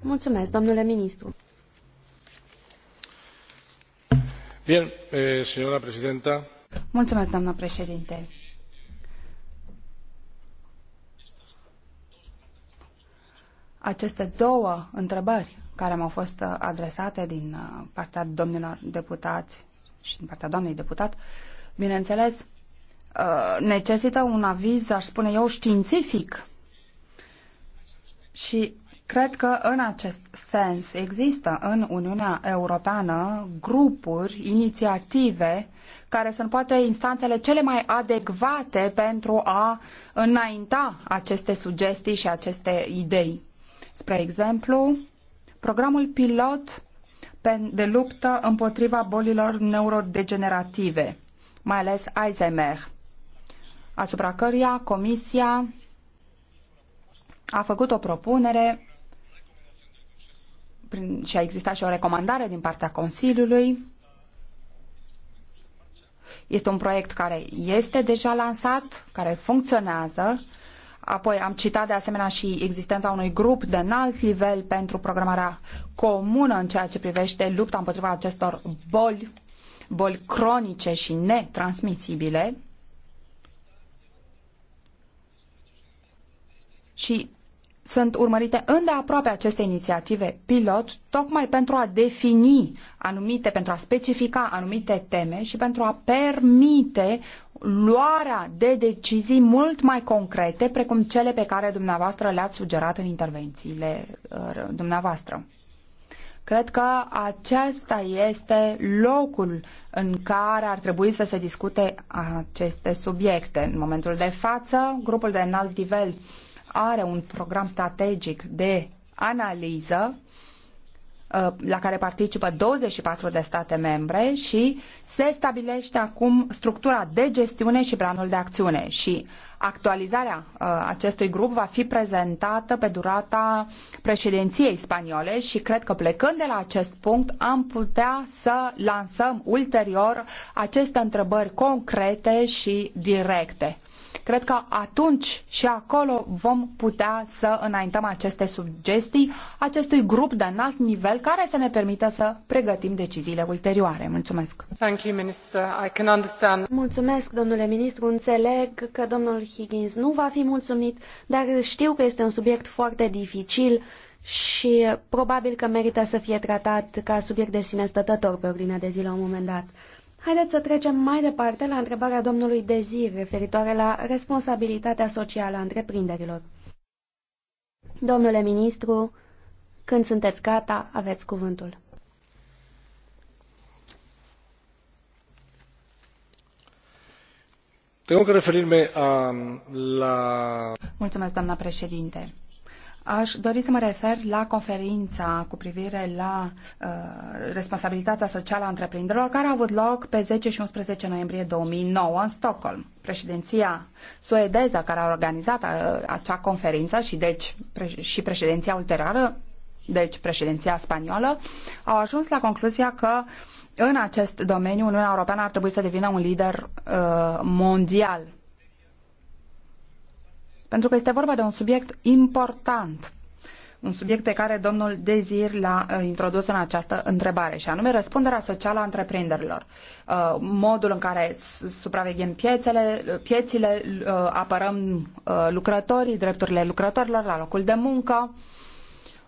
Mulțumesc, domnule ministru.
Eh,
Mulțumesc, doamnă președinte. Aceste două întrebări care mi-au fost uh, adresate din uh, partea domnilor deputați și din partea doamnei deputat, bineînțeles, uh, necesită un aviz, aș spune eu, științific și cred că în acest sens există în Uniunea Europeană grupuri, inițiative care sunt poate instanțele cele mai adecvate pentru a înainta aceste sugestii și aceste idei. Spre exemplu, programul pilot de luptă împotriva bolilor neurodegenerative, mai ales Alzheimer, asupra căruia Comisia a făcut o propunere prin, și a existat și o recomandare din partea Consiliului. Este un proiect care este deja lansat, care funcționează. Apoi am citat de asemenea și existența unui grup de înalt nivel pentru programarea comună în ceea ce privește lupta împotriva acestor boli, boli cronice și netransmisibile. Și sunt urmărite îndeaproape aceste inițiative pilot, tocmai pentru a defini anumite, pentru a specifica anumite teme și pentru a permite luarea de decizii mult mai concrete, precum cele pe care dumneavoastră le-ați sugerat în intervențiile uh, dumneavoastră. Cred că acesta este locul în care ar trebui să se discute aceste subiecte. În momentul de față, grupul de înalt nivel are un program strategic de analiză uh, la care participă 24 de state membre și se stabilește acum structura de gestiune și planul de acțiune și actualizarea uh, acestui grup va fi prezentată pe durata președinției spaniole și cred că plecând de la acest punct am putea să lansăm ulterior aceste întrebări concrete și directe. Cred că atunci și acolo vom putea să înaintăm aceste sugestii acestui grup de înalt nivel care să ne permită să pregătim deciziile ulterioare. Mulțumesc!
Thank you, Minister. I can understand. Mulțumesc, domnule ministru. Înțeleg că domnul Higgins nu va fi mulțumit, dar știu că este un subiect foarte dificil și probabil că merită să fie tratat ca subiect de sine stătător pe ordinea de zi la un moment dat. Haideți să trecem mai departe la întrebarea domnului Dezir referitoare la responsabilitatea socială a întreprinderilor. Domnule ministru, când sunteți gata, aveți cuvântul.
Tengo că referirme a la...
Mulțumesc, doamna președinte. Aș dori să mă refer la conferința cu privire la uh, responsabilitatea socială a întreprinderilor care a avut loc pe 10 și 11 noiembrie 2009 în Stockholm. Președinția suedeză care a organizat uh, acea conferință și deci pre- și președinția ulterioară, deci președinția spaniolă, au ajuns la concluzia că în acest domeniu Uniunea Europeană ar trebui să devină un lider uh, mondial pentru că este vorba de un subiect important, un subiect pe care domnul Dezir l-a uh, introdus în această întrebare, și anume răspunderea socială a întreprinderilor. Uh, modul în care supraveghem piețele, piețile, uh, apărăm lucrătorii, drepturile lucrătorilor la locul de muncă,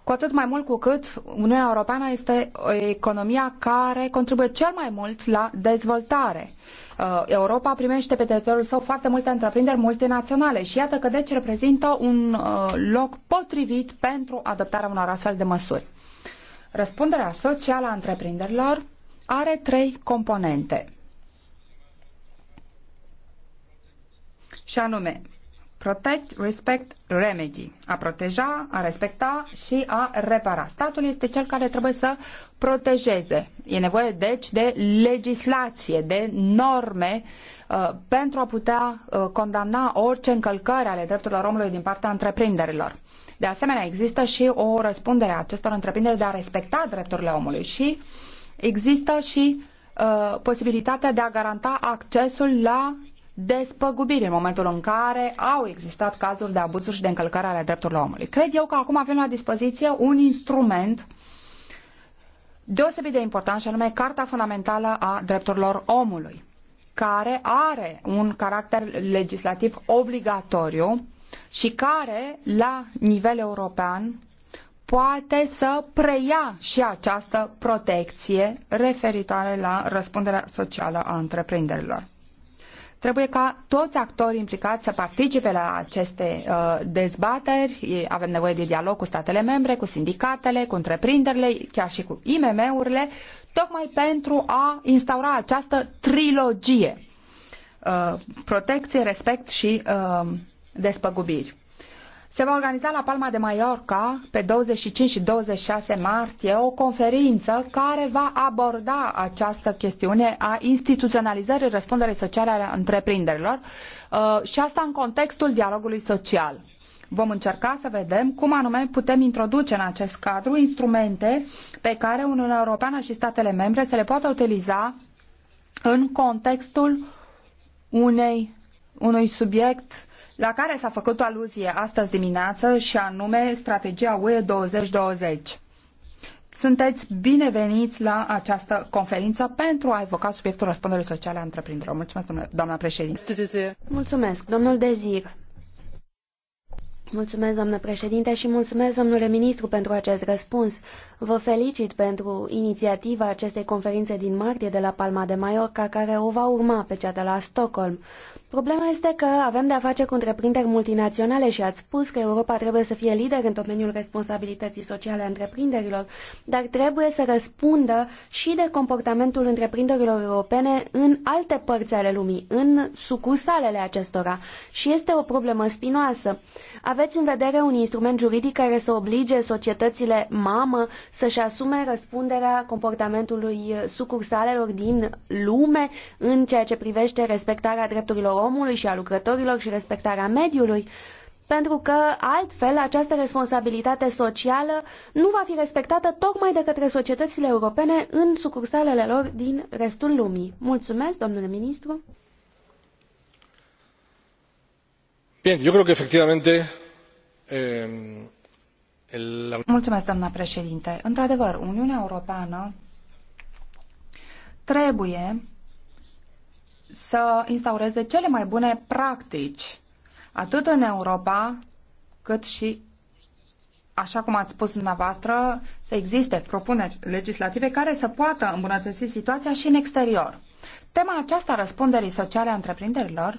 cu atât mai mult cu cât Uniunea Europeană este economia care contribuie cel mai mult la dezvoltare. Uh, Europa primește pe teritoriul său foarte multe întreprinderi multinaționale și iată că deci reprezintă un uh, loc potrivit pentru adoptarea unor astfel de măsuri. Răspunderea socială a întreprinderilor are trei componente. Și anume, Protect, respect, remedy. A proteja, a respecta și a repara. Statul este cel care trebuie să protejeze. E nevoie, deci, de legislație, de norme uh, pentru a putea uh, condamna orice încălcări ale drepturilor omului din partea întreprinderilor. De asemenea, există și o răspundere a acestor întreprinderi de a respecta drepturile omului și există și uh, posibilitatea de a garanta accesul la despăgubiri în momentul în care au existat cazuri de abuzuri și de încălcare ale drepturilor omului. Cred eu că acum avem la dispoziție un instrument deosebit de important și anume Carta Fundamentală a Drepturilor Omului, care are un caracter legislativ obligatoriu și care, la nivel european, poate să preia și această protecție referitoare la răspunderea socială a întreprinderilor. Trebuie ca toți actorii implicați să participe la aceste uh, dezbateri. Avem nevoie de dialog cu statele membre, cu sindicatele, cu întreprinderile, chiar și cu IMM-urile, tocmai pentru a instaura această trilogie. Uh, protecție, respect și uh, despăgubiri. Se va organiza la Palma de Mallorca, pe 25 și 26 martie, o conferință care va aborda această chestiune a instituționalizării răspunderii sociale a întreprinderilor uh, și asta în contextul dialogului social. Vom încerca să vedem cum anume putem introduce în acest cadru instrumente pe care Uniunea Europeană și statele membre să le poată utiliza în contextul unei, unui subiect la care s-a făcut o aluzie astăzi dimineață și anume strategia UE 2020. Sunteți bineveniți la această conferință pentru a evoca subiectul răspunderii sociale a întreprinderilor. Mulțumesc, doamna președinte.
Mulțumesc, domnul Dezir. Mulțumesc, domnule președinte, și mulțumesc, domnule ministru, pentru acest răspuns. Vă felicit pentru inițiativa acestei conferințe din martie de la Palma de Mallorca, care o va urma pe cea de la Stockholm. Problema este că avem de-a face cu întreprinderi multinaționale și ați spus că Europa trebuie să fie lider în domeniul responsabilității sociale a întreprinderilor, dar trebuie să răspundă și de comportamentul întreprinderilor europene în alte părți ale lumii, în sucursalele acestora. Și este o problemă spinoasă. Aveți în vedere un instrument juridic care să oblige societățile mamă să-și asume răspunderea comportamentului sucursalelor din lume în ceea ce privește respectarea drepturilor omului și a lucrătorilor și respectarea mediului? pentru că altfel această responsabilitate socială nu va fi respectată tocmai de către societățile europene în sucursalele lor din restul lumii. Mulțumesc, domnule ministru!
yo creo que efectivamente
într adevăr uniunea europeană trebuie să instaureze cele mai bune practici atât în europa cât și așa cum ați spus dumneavoastră, să existe propuneri legislative care să poată îmbunătăți situația și în exterior. Tema aceasta răspunderii sociale a întreprinderilor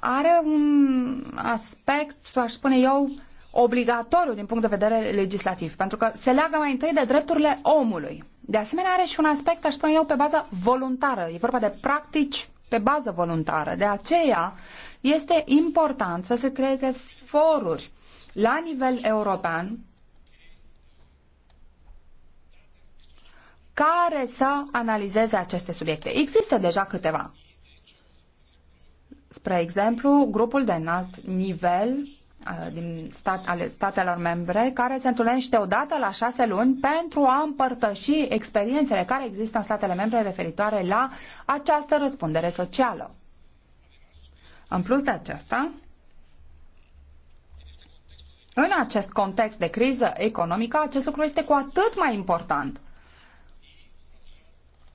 are un aspect, aș spune eu, obligatoriu din punct de vedere legislativ, pentru că se leagă mai întâi de drepturile omului. De asemenea, are și un aspect, aș spune eu, pe bază voluntară. E vorba de practici pe bază voluntară. De aceea este important să se creeze foruri la nivel european care să analizeze aceste subiecte. Există deja câteva. Spre exemplu, grupul de înalt nivel uh, din stat, ale statelor membre care se întâlnește odată la șase luni pentru a împărtăși experiențele care există în statele membre referitoare la această răspundere socială. În plus de aceasta, în acest context de criză economică, acest lucru este cu atât mai important.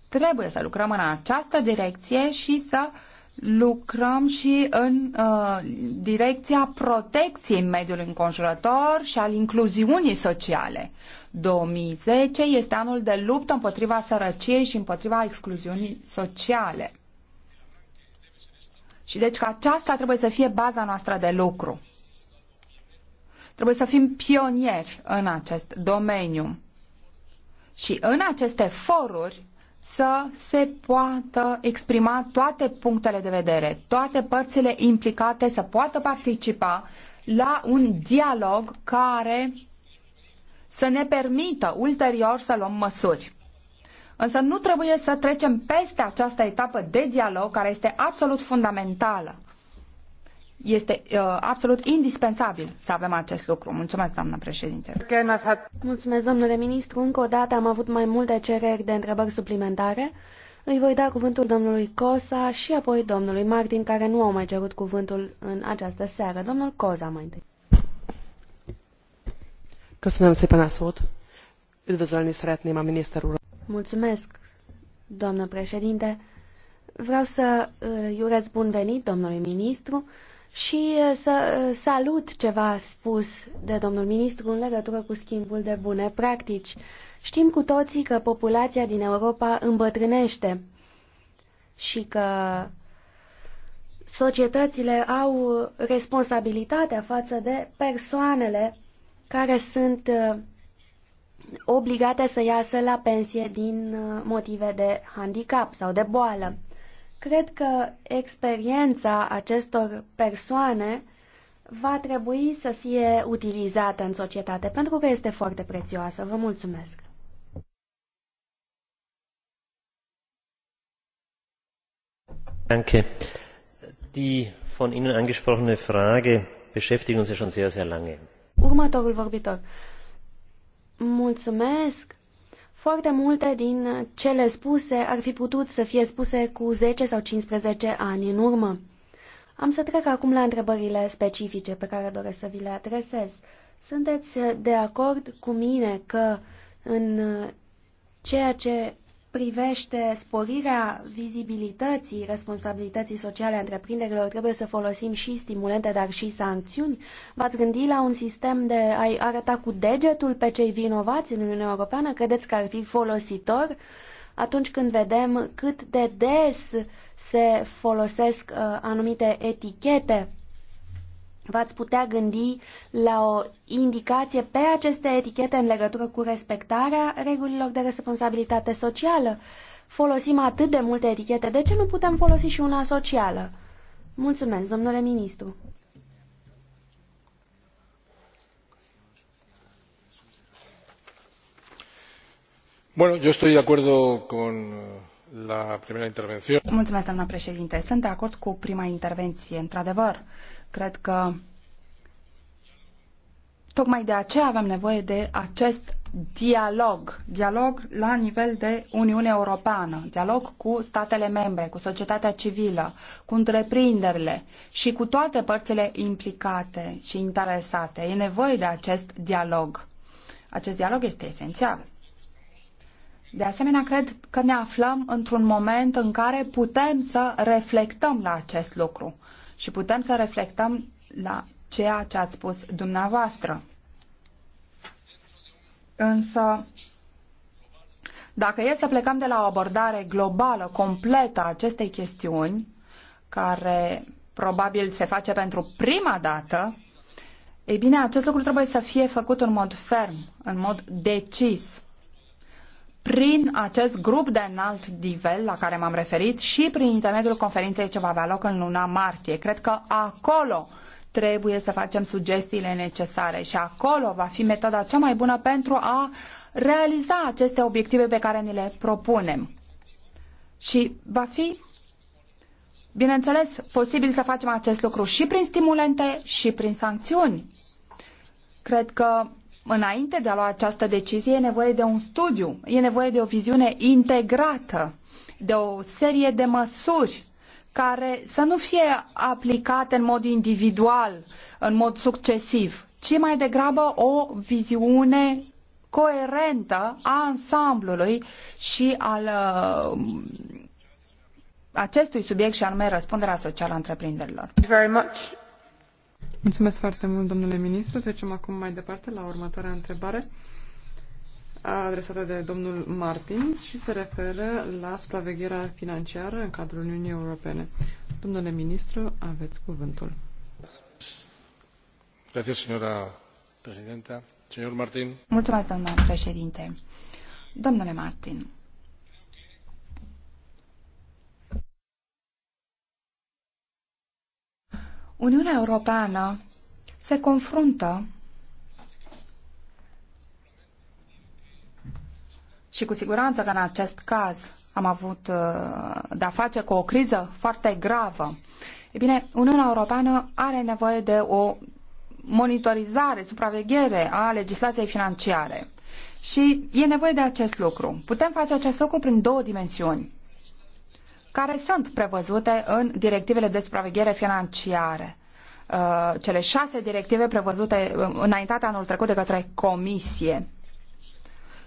Trebuie să lucrăm în această direcție și să uh, lucrăm și în uh, direcția protecției mediului înconjurător și al incluziunii sociale. 2010 este anul de luptă împotriva sărăciei și împotriva excluziunii sociale. Și deci că aceasta trebuie să fie baza noastră de lucru. Trebuie să fim pionieri în acest domeniu. Și în aceste foruri să se poată exprima toate punctele de vedere, toate părțile implicate să poată participa la un dialog care să ne permită ulterior să luăm măsuri. Însă nu trebuie să trecem peste această etapă de dialog care este absolut fundamentală. Este uh, absolut indispensabil să avem acest lucru. Mulțumesc, doamnă președinte.
Mulțumesc, domnule ministru. Încă o dată am avut mai multe cereri de întrebări suplimentare. Îi voi da cuvântul domnului Cosa și apoi domnului Martin, care nu au mai cerut cuvântul în această seară. Domnul Cosa mai întâi.
Köszönöm szépen a szót. Üdvözölni szeretném a miniszter urat.
Mulțumesc, doamnă președinte. Vreau să îi urez bun venit domnului ministru și să salut ceva spus de domnul ministru în legătură cu schimbul de bune practici. Știm cu toții că populația din Europa îmbătrânește și că societățile au responsabilitatea față de persoanele care sunt obligate să iasă la pensie din motive de handicap sau de boală. Cred că experiența acestor persoane va trebui să fie utilizată în societate, pentru că este foarte prețioasă. Vă mulțumesc!
Danke. Die von Ihnen angesprochene Frage beschäftigt uns ja schon sehr, sehr lange.
Următorul vorbitor. Mulțumesc! Foarte multe din cele spuse ar fi putut să fie spuse cu 10 sau 15 ani în urmă. Am să trec acum la întrebările specifice pe care doresc să vi le adresez. Sunteți de acord cu mine că în ceea ce privește sporirea vizibilității responsabilității sociale a întreprinderilor, trebuie să folosim și stimulente, dar și sancțiuni? V-ați gândit la un sistem de a arăta cu degetul pe cei vinovați în Uniunea Europeană? Credeți că ar fi folositor atunci când vedem cât de des se folosesc uh, anumite etichete v-ați putea gândi la o indicație pe aceste etichete în legătură cu respectarea regulilor de responsabilitate socială? Folosim atât de multe etichete, de ce nu putem folosi și una socială? Mulțumesc, domnule ministru.
Bueno, yo estoy de acuerdo con eh, la primera intervención.
Mulțumesc, doamna președinte. Sunt de acord cu prima intervenție, într-adevăr. Uh, Cred că tocmai de aceea avem nevoie de acest dialog, dialog la nivel de Uniune Europeană, dialog cu statele membre, cu societatea civilă, cu întreprinderile și cu toate părțile implicate și interesate. E nevoie de acest dialog. Acest dialog este esențial. De asemenea, cred că ne aflăm într-un moment în care putem să reflectăm la acest lucru și putem să reflectăm la ceea ce ați spus dumneavoastră. Însă, dacă e să plecăm de la o abordare globală, completă a acestei chestiuni, care probabil se face pentru prima dată, ei bine, acest lucru trebuie să fie făcut în mod ferm, în mod decis prin acest grup de înalt nivel la care m-am referit și prin intermediul conferinței ce va avea loc în luna martie. Cred că acolo trebuie să facem sugestiile necesare și acolo va fi metoda cea mai bună pentru a realiza aceste obiective pe care ni le propunem. Și va fi, bineînțeles, posibil să facem acest lucru și prin stimulente și prin sancțiuni. Cred că înainte de a lua această decizie, e nevoie de un studiu, e nevoie de o viziune integrată, de o serie de măsuri care să nu fie aplicate în mod individual, în mod succesiv, ci mai degrabă o viziune coerentă a ansamblului și al uh, acestui subiect și anume răspunderea socială a întreprinderilor. Very much.
Mulțumesc foarte mult, domnule ministru. Trecem acum mai
departe la următoarea întrebare adresată
de domnul Martin și se referă la supravegherea financiară în cadrul Uniunii Europene. Domnule ministru, aveți cuvântul.
Gracias, señora presidenta. Señor Martin.
Mulțumesc, domnule președinte. Domnule Martin, Uniunea Europeană se confruntă și cu siguranță că în acest caz am avut uh, de-a face cu o criză foarte gravă. E bine, Uniunea Europeană are nevoie de o monitorizare, supraveghere a legislației financiare. Și e nevoie de acest lucru. Putem face acest lucru prin două dimensiuni care sunt prevăzute în directivele de supraveghere financiare. Uh, cele șase directive prevăzute uh, înaintate anul trecut de către Comisie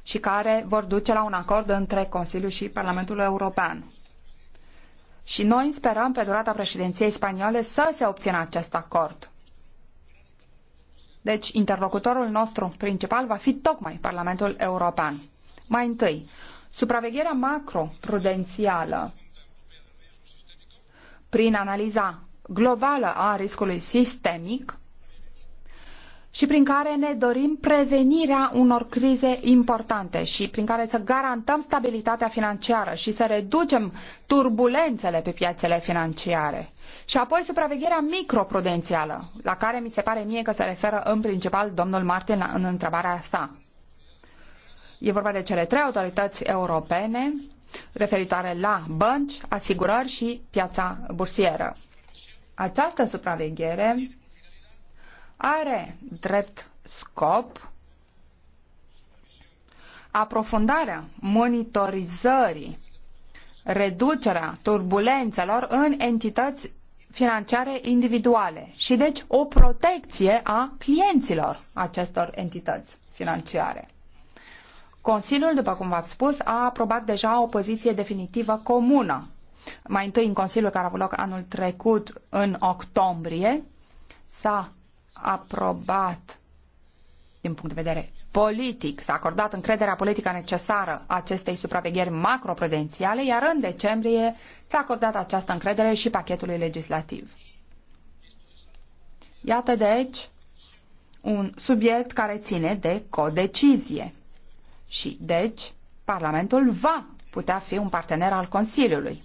și care vor duce la un acord între Consiliu și Parlamentul European. Și noi sperăm pe durata președinției spaniole să se obțină acest acord. Deci, interlocutorul nostru principal va fi tocmai Parlamentul European. Mai întâi, supravegherea macroprudențială prin analiza globală a riscului sistemic și prin care ne dorim prevenirea unor crize importante și prin care să garantăm stabilitatea financiară și să reducem turbulențele pe piațele financiare. Și apoi supravegherea microprudențială, la care mi se pare mie că se referă în principal domnul Martin în întrebarea sa. E vorba de cele trei autorități europene referitoare la bănci, asigurări și piața bursieră. Această supraveghere are drept scop aprofundarea monitorizării, reducerea turbulențelor în entități financiare individuale și deci o protecție a clienților acestor entități financiare. Consiliul, după cum v-am spus, a aprobat deja o poziție definitivă comună. Mai întâi în Consiliul care a avut loc anul trecut, în octombrie, s-a aprobat din punct de vedere politic, s-a acordat încrederea politică necesară acestei supravegheri macroprudențiale, iar în decembrie s-a acordat această încredere și pachetului legislativ. Iată deci un subiect care ține de codecizie. Și deci, Parlamentul va putea fi un partener al Consiliului.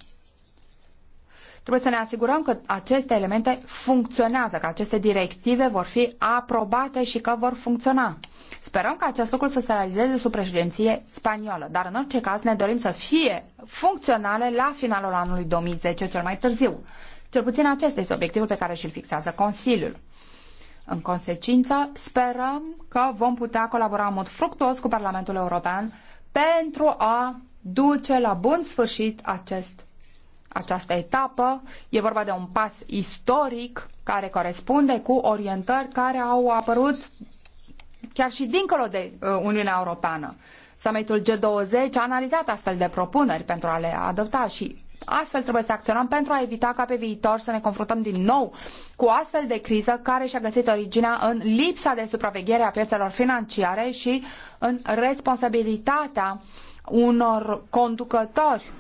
Trebuie să ne asigurăm că aceste elemente funcționează, că aceste directive vor fi aprobate și că vor funcționa. Sperăm că acest lucru să se realizeze sub președinție spaniolă, dar în orice caz ne dorim să fie funcționale la finalul anului 2010, cel mai târziu. Cel puțin acesta este obiectivul pe care și-l fixează Consiliul. În consecință, sperăm că vom putea colabora în mod fructuos cu Parlamentul European pentru a duce la bun sfârșit acest, această etapă. E vorba de un pas istoric care corespunde cu orientări care au apărut chiar și dincolo de uh, Uniunea Europeană. Summitul G20 a analizat astfel de propuneri pentru a le adopta și Astfel trebuie să acționăm pentru a evita ca pe viitor să ne confruntăm din nou cu o astfel de criză care și-a găsit originea în lipsa de supraveghere a piețelor financiare și în responsabilitatea unor conducători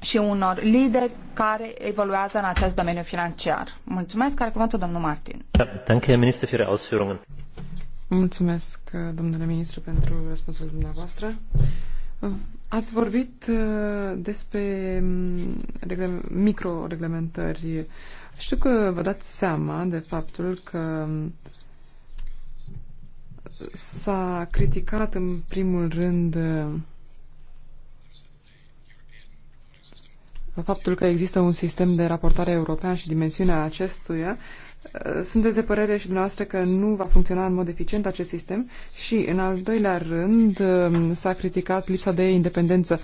și unor lideri care evoluează în acest domeniu financiar. Mulțumesc, are cuvântul domnul Martin.
Mulțumesc, domnule
ministru, pentru răspunsul dumneavoastră.
Ați vorbit uh, despre mm, microreglementări. Știu că vă dați seama de faptul că mm, s-a criticat în primul rând uh, faptul că există un sistem de raportare european și dimensiunea acestuia sunteți de părere și dumneavoastră că nu va funcționa în mod eficient acest sistem și, în al doilea rând, s-a criticat lipsa de independență.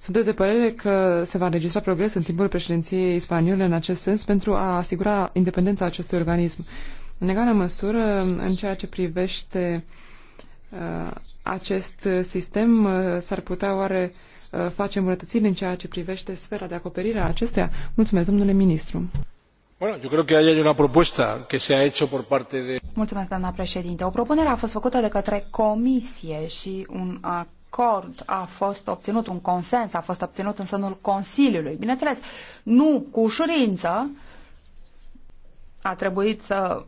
Sunteți de părere că se va registra progres în timpul președinției spaniole în acest sens pentru a asigura independența acestui organism. În egală măsură, în ceea ce privește uh, acest sistem, uh, s-ar putea oare uh, face îmbunătățiri în ceea ce privește sfera de acoperire a acesteia?
Mulțumesc, domnule ministru. O propunere a fost făcută de către comisie și un acord a fost obținut, un consens a fost obținut în sânul Consiliului. Bineînțeles, nu cu ușurință, a trebuit să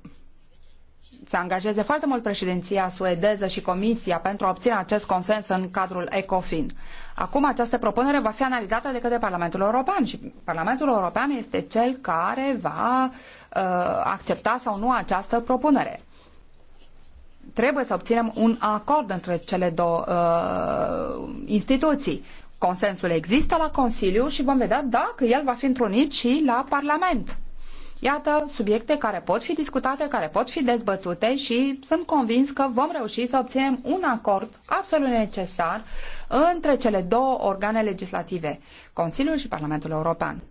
să angajeze foarte mult președinția suedeză și Comisia pentru a obține acest consens în cadrul ECOFIN. Acum această propunere va fi analizată de către Parlamentul European și Parlamentul European este cel care va uh, accepta sau nu această propunere. Trebuie să obținem un acord între cele două uh, instituții. Consensul există la Consiliu și vom vedea dacă el va fi întrunit și la Parlament. Iată subiecte care pot fi discutate, care pot fi dezbătute și sunt convins că vom reuși să obținem un acord absolut necesar între cele două organe legislative, Consiliul și Parlamentul European.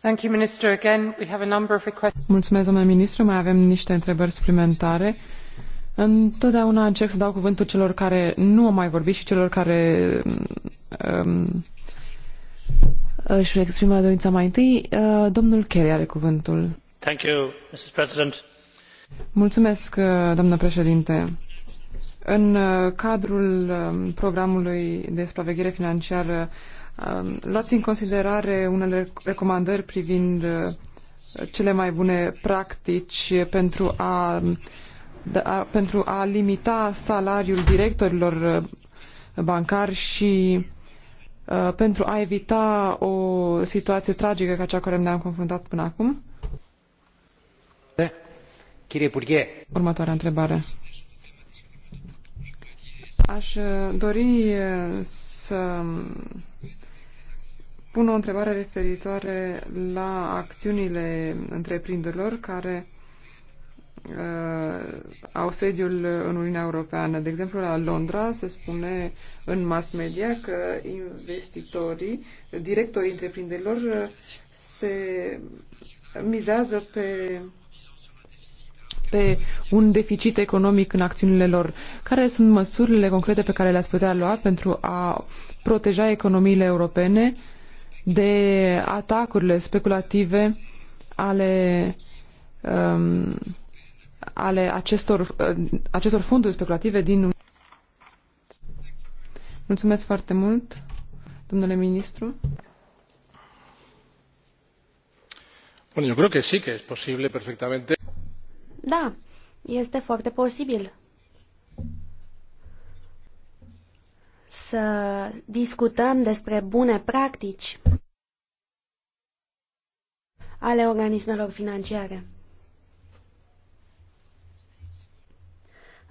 Thank you, Minister. Again, we have a number of requests.
Mulțumesc, domnule ministru. Mai avem niște întrebări suplimentare. Întotdeauna încerc să dau cuvântul celor care nu au mai vorbit și celor care um, um își exprimă dorința mai întâi. Uh, domnul Kelly are cuvântul. Thank you, Mrs. President. Mulțumesc, uh, doamnă președinte. În uh, cadrul um, programului de supraveghere financiară, um, luați în considerare unele recomandări privind cele mai bune practici pentru a, da, a pentru a limita salariul directorilor bancari și Uh, pentru a evita o situație tragică ca cea care ne-am confruntat până acum? Următoarea întrebare. Aș uh, dori uh, să um, pun o întrebare referitoare la acțiunile întreprinderilor care uh, au sediul în Uniunea Europeană. De exemplu, la Londra se spune în mass media că investitorii, directorii întreprinderilor uh, se mizează pe pe un deficit economic în acțiunile lor. Care sunt măsurile concrete pe care le-ați putea lua pentru a proteja economiile europene de atacurile speculative ale um, ale acestor, acestor fonduri speculative din Mulțumesc foarte mult, domnule ministru.
Bun, eu cred că sí că este posibil perfectamente.
Da, este foarte posibil să discutăm despre bune practici ale organismelor financiare.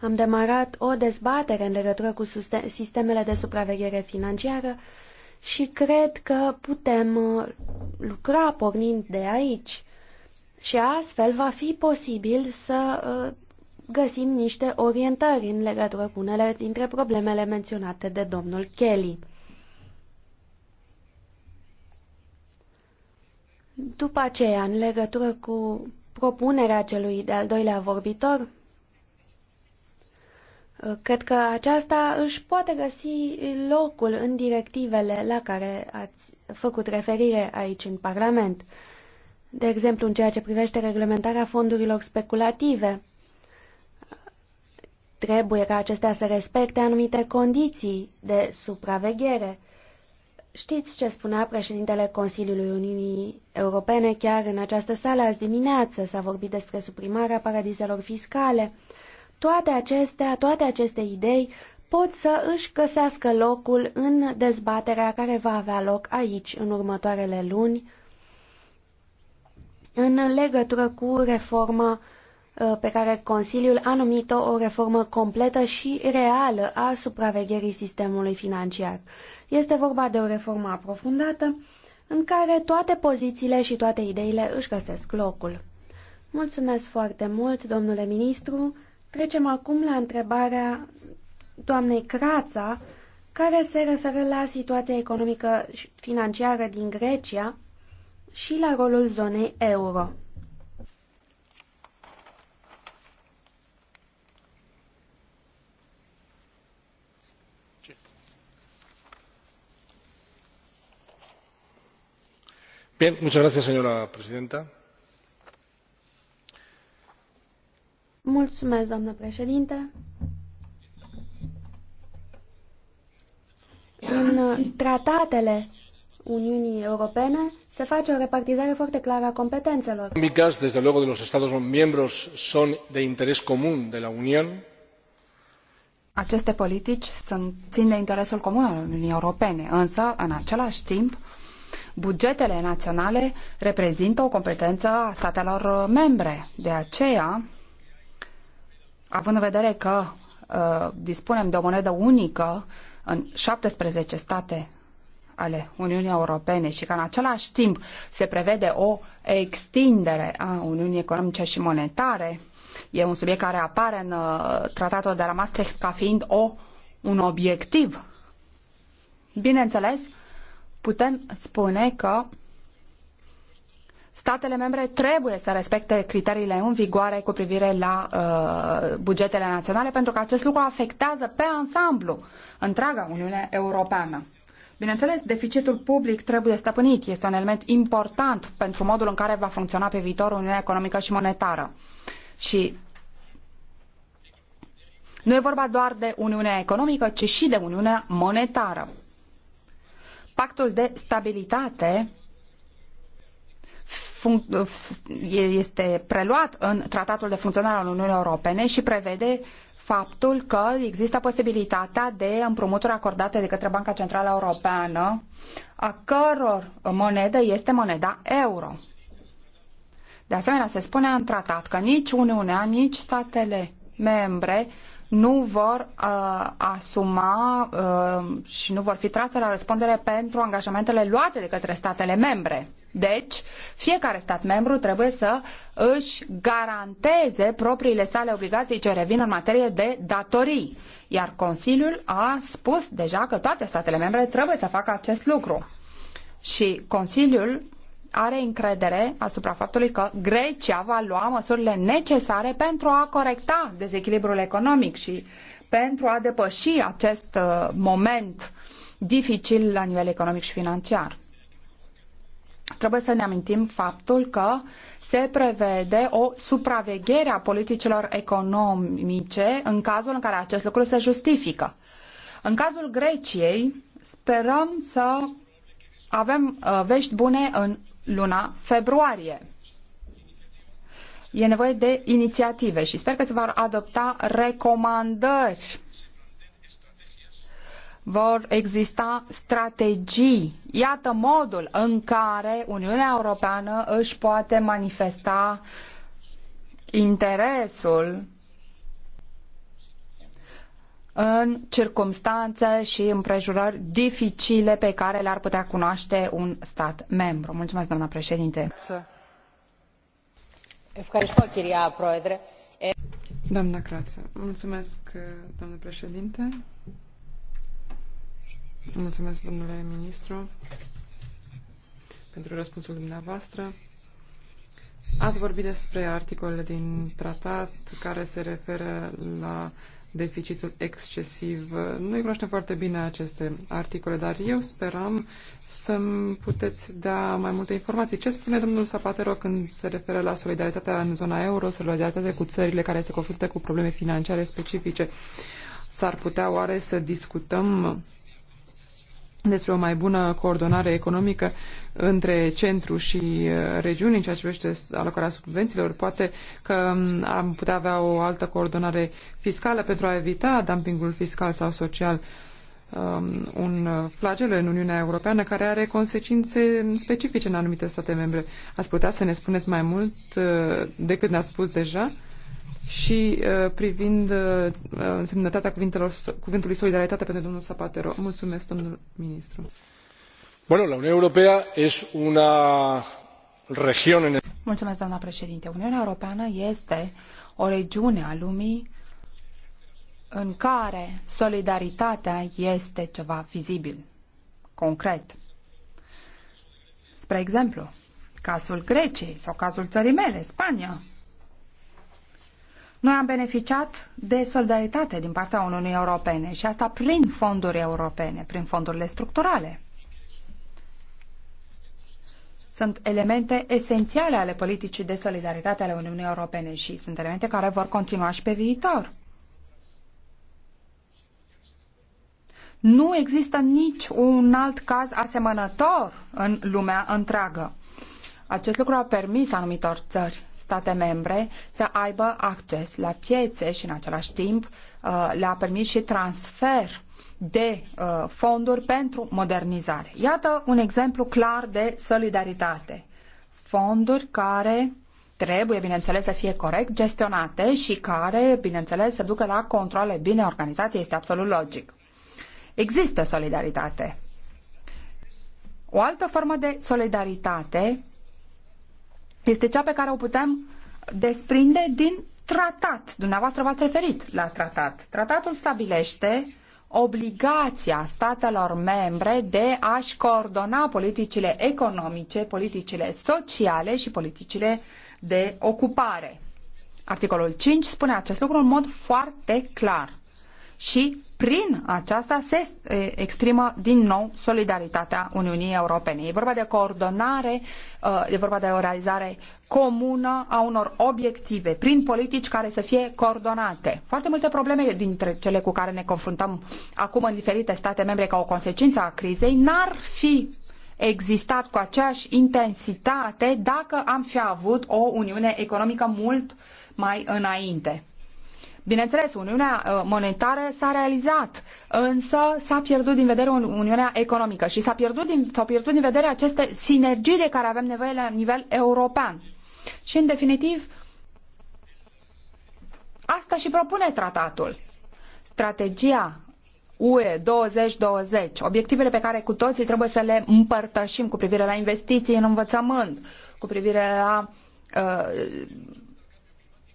Am demarat o dezbatere în legătură cu sistemele de supraveghere financiară și cred că putem uh, lucra pornind de aici. Și astfel va fi posibil să uh, găsim niște orientări în legătură cu unele dintre problemele menționate de domnul Kelly. După aceea, în legătură cu propunerea celui de-al doilea vorbitor, Uh, cred că aceasta își poate găsi locul în directivele la care ați făcut referire aici în Parlament. De exemplu, în ceea ce privește reglementarea fondurilor speculative, trebuie ca acestea să respecte anumite condiții de supraveghere. Știți ce spunea președintele Consiliului Uniunii Europene chiar în această sală azi dimineață? S-a vorbit despre suprimarea paradiselor fiscale. Uh, toate acestea, toate aceste idei pot să își găsească locul în dezbaterea care va avea loc aici în următoarele luni în legătură cu reforma uh, pe care Consiliul a numit-o o reformă completă și reală a supravegherii sistemului financiar. Este vorba de o reformă aprofundată în care toate pozițiile și toate ideile își găsesc locul. Mulțumesc foarte mult, domnule ministru. Trecem acum la întrebarea doamnei Crața, care se referă la situația economică și financiară din Grecia și la rolul zonei euro.
Bien, muchas gracias, señora presidenta.
Mulțumesc, doamnă președinte. În tratatele Uniunii Europene se face o repartizare foarte clară a competențelor.
desde luego de los estados miembros son de interés común de la Unión.
Aceste politici sunt, țin de interesul comun al Uniunii Europene, însă, în același timp, bugetele naționale reprezintă o competență a statelor membre. De aceea, având în vedere că uh, dispunem de o monedă unică în 17 state ale Uniunii Europene și că în același timp se prevede o extindere a Uniunii Economice și Monetare, e un subiect care apare în uh, tratatul de la Maastricht ca fiind o, un obiectiv. Bineînțeles, putem spune că statele membre trebuie să respecte criteriile în vigoare cu privire la uh, bugetele naționale, pentru că acest lucru afectează pe ansamblu întreaga Uniune Europeană. Bineînțeles, deficitul public trebuie stăpânit. Este un element important pentru modul în care va funcționa pe viitor Uniunea Economică și Monetară. Și nu e vorba doar de Uniunea Economică, ci și de Uniunea Monetară. Pactul de stabilitate este preluat în Tratatul de Funcționare al Uniunii Europene și prevede faptul că există posibilitatea de împrumuturi acordate de către Banca Centrală Europeană, a căror monedă este moneda euro. De asemenea, se spune în tratat că nici Uniunea, nici statele membre nu vor uh, asuma uh, și nu vor fi trase la răspundere pentru angajamentele luate de către statele membre. Deci, fiecare stat membru trebuie să își garanteze propriile sale obligații ce revin în materie de datorii. Iar Consiliul a spus deja că toate statele membre trebuie să facă acest lucru. Și Consiliul are încredere asupra faptului că Grecia va lua măsurile necesare pentru a corecta dezechilibrul economic și pentru a depăși acest uh, moment dificil la nivel economic și financiar. Trebuie să ne amintim faptul că se prevede o supraveghere a politicilor economice în cazul în care acest lucru se justifică. În cazul Greciei, sperăm să avem uh, vești bune în luna februarie. E nevoie de inițiative și sper că se vor adopta recomandări. Vor exista strategii. Iată modul în care Uniunea Europeană își poate manifesta interesul în circumstanțe și împrejurări dificile pe care le-ar putea cunoaște un stat membru. Mulțumesc, doamna președinte. Doamna
Crață, mulțumesc, doamna președinte. Mulțumesc, domnule ministru, pentru răspunsul dumneavoastră. Ați vorbit despre articolele din tratat care se referă la uh, deficitul excesiv. Noi cunoaștem foarte bine aceste articole, dar eu speram să-mi puteți da mai multe informații. Ce spune domnul Zapatero când se referă la solidaritatea în zona euro, solidaritatea cu țările care se confruntă cu probleme financiare specifice? S-ar putea oare să discutăm despre o mai bună coordonare economică între centru și uh, regiuni în ceea ce privește alocarea subvențiilor. Poate că um, am putea avea o altă coordonare fiscală pentru a evita dumpingul fiscal sau social um, un uh, flagel în Uniunea Europeană care are consecințe specifice în anumite state membre. Ați putea să ne spuneți mai mult uh, decât ne-ați spus deja? și uh, privind uh, uh însemnătatea cuvintelor, cuvântului solidaritate pentru domnul Zapatero. Mulțumesc, domnul
ministru. Bueno, la Unión Europea es una
región en... Mulțumesc, doamna președinte. Uniunea Europeană este o regiune a lumii în care solidaritatea este ceva vizibil, concret. Spre exemplu, cazul Greciei sau cazul țării mele, Spania, noi am beneficiat de solidaritate din partea Uniunii Europene și asta prin fonduri europene, prin fondurile structurale. Sunt elemente esențiale ale politicii de solidaritate ale Uniunii Europene și sunt elemente care vor continua și pe viitor. Nu există nici un alt caz asemănător în lumea întreagă. Acest lucru a permis anumitor țări state membre să aibă acces la piețe și în același timp uh, le-a permis și transfer de uh, fonduri pentru modernizare. Iată un exemplu clar de solidaritate. Fonduri care trebuie, bineînțeles, să fie corect gestionate și care, bineînțeles, să ducă la controle bine organizate, este absolut logic. Există solidaritate. O altă formă de solidaritate este cea pe care o putem desprinde din tratat. Dumneavoastră v-ați referit la tratat. Tratatul stabilește obligația statelor membre de a-și coordona politicile economice, politicile sociale și politicile de ocupare. Articolul 5 spune acest lucru în mod foarte clar. Și prin aceasta se exprimă din nou solidaritatea Uniunii Europene. E vorba de coordonare, e vorba de o realizare comună a unor obiective prin politici care să fie coordonate. Foarte multe probleme dintre cele cu care ne confruntăm acum în diferite state membre ca o consecință a crizei n-ar fi existat cu aceeași intensitate dacă am fi avut o uniune economică mult mai înainte. Bineînțeles, Uniunea uh, Monetară s-a realizat, însă s-a pierdut din vedere Uniunea Economică și s-a pierdut din, s pierdut din vedere aceste sinergii de care avem nevoie la nivel european. Și, în definitiv, asta și propune tratatul. Strategia UE 2020, obiectivele pe care cu toții trebuie să le împărtășim cu privire la investiții în învățământ, cu privire la uh,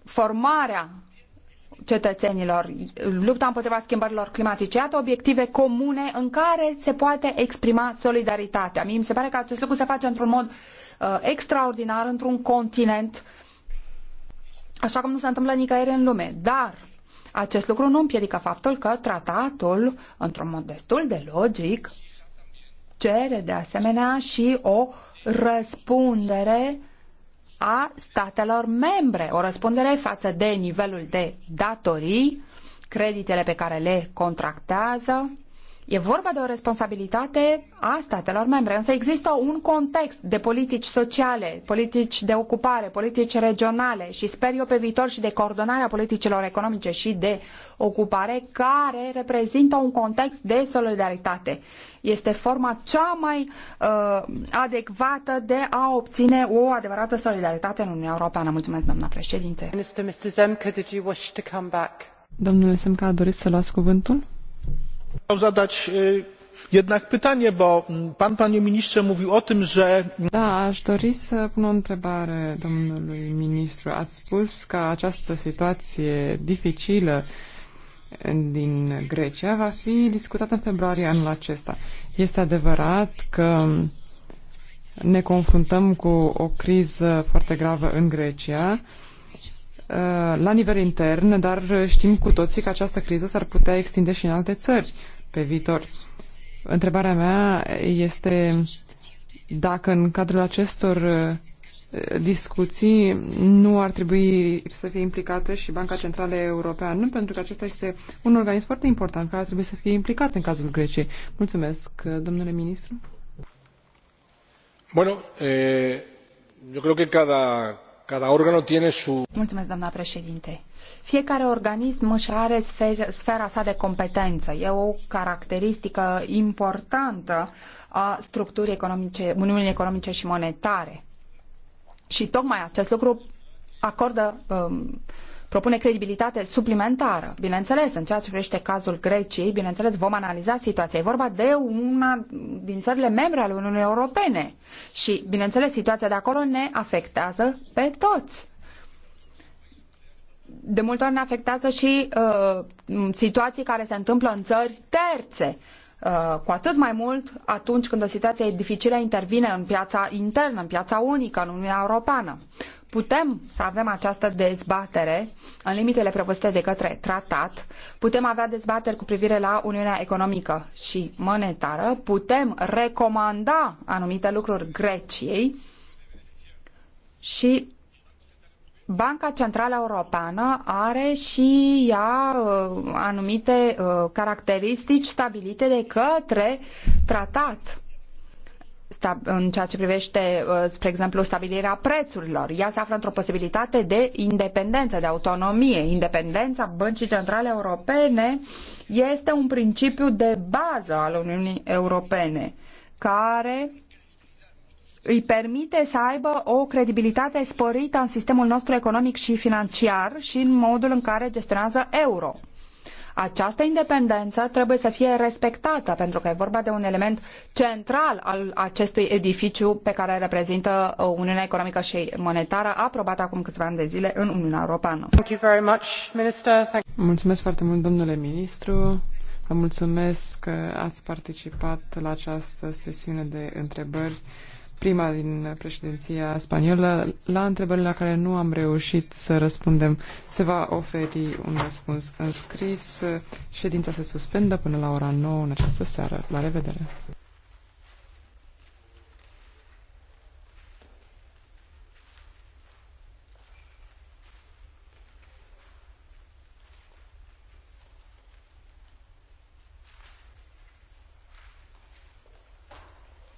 formarea cetățenilor, lupta împotriva schimbărilor climatice, iată obiective comune în care se poate exprima solidaritatea. Mie mi se pare că acest lucru se face într-un mod uh, extraordinar, într-un continent, așa cum nu se întâmplă nicăieri în lume. Dar acest lucru nu împiedică faptul că tratatul, într-un mod destul de logic, cere de asemenea și o răspundere uh, a statelor membre, o răspundere față de nivelul de datorii, creditele pe care le contractează. E vorba de o responsabilitate a statelor membre, însă există un context de politici sociale, politici de ocupare, politici regionale și sper eu pe viitor și de coordonarea politicilor economice și de ocupare care reprezintă un context de solidaritate. Este forma cea mai uh, adecvată de a obține o adevărată solidaritate în Uniunea Europeană. Mulțumesc, doamna președinte.
Domnule Semca, să luați cuvântul?
Vreau zadać
jednak
pytanie, bo pan, panie ministrze, mówił o tym, że...
Da, aș dori să pun o întrebare domnului ministru. Ați spus că această situație dificilă din Grecia va fi discutată în februarie anul acesta. Este adevărat că ne confruntăm cu o criză foarte gravă în Grecia, uh, la nivel intern, dar știm cu toții că această criză s-ar putea extinde și în alte țări pe viitor. Întrebarea mea este dacă în cadrul acestor uh, discuții nu ar trebui să fie implicată și Banca Centrală Europeană, pentru că acesta este un organism foarte important care ar trebui să fie implicat în cazul Greciei. Mulțumesc,
domnule ministru.
Bueno, eh, eu cred că cada, cada organ tiene su...
Mulțumesc, doamna președinte. Fiecare organism își are sfer, sfera sa de competență. E o caracteristică importantă a structurii economice, Uniunii Economice și Monetare și tocmai acest lucru acordă, um, propune credibilitate suplimentară. Bineînțeles, în ceea ce privește cazul Greciei, bineînțeles, vom analiza situația. E vorba de una din țările membre ale Uniunii Europene. Și, bineînțeles, situația de acolo ne afectează pe toți de multe ori ne afectează și uh, situații care se întâmplă în țări terțe. Uh, cu atât mai mult atunci când o situație dificilă intervine în piața internă, în piața unică, în Uniunea Europeană. Putem să avem această dezbatere în limitele prevăzute de către tratat, putem avea dezbateri cu privire la Uniunea Economică și Monetară, putem recomanda anumite lucruri Greciei și Banca Centrală Europeană are și ea uh, anumite uh, caracteristici stabilite de către tratat în ceea ce privește, uh, spre exemplu, stabilirea prețurilor. Ea se află într-o posibilitate de independență, de autonomie. Independența Băncii Centrale Europene este un principiu de bază al Uniunii Europene care îi permite să aibă o credibilitate sporită în sistemul nostru economic și financiar și în modul în care gestionează euro. Această independență trebuie să fie respectată, pentru că e vorba de un element central al acestui edificiu pe care reprezintă uh, Uniunea Economică și Monetară, aprobată acum câțiva ani de zile în Uniunea Europeană.
Mulțumesc foarte mult, domnule ministru. Vă mulțumesc că ați participat la această sesiune de întrebări prima din președinția spaniolă, la întrebările la care nu am reușit să răspundem, se va oferi un răspuns înscris. Ședința se suspendă până la ora 9 în această seară. La revedere!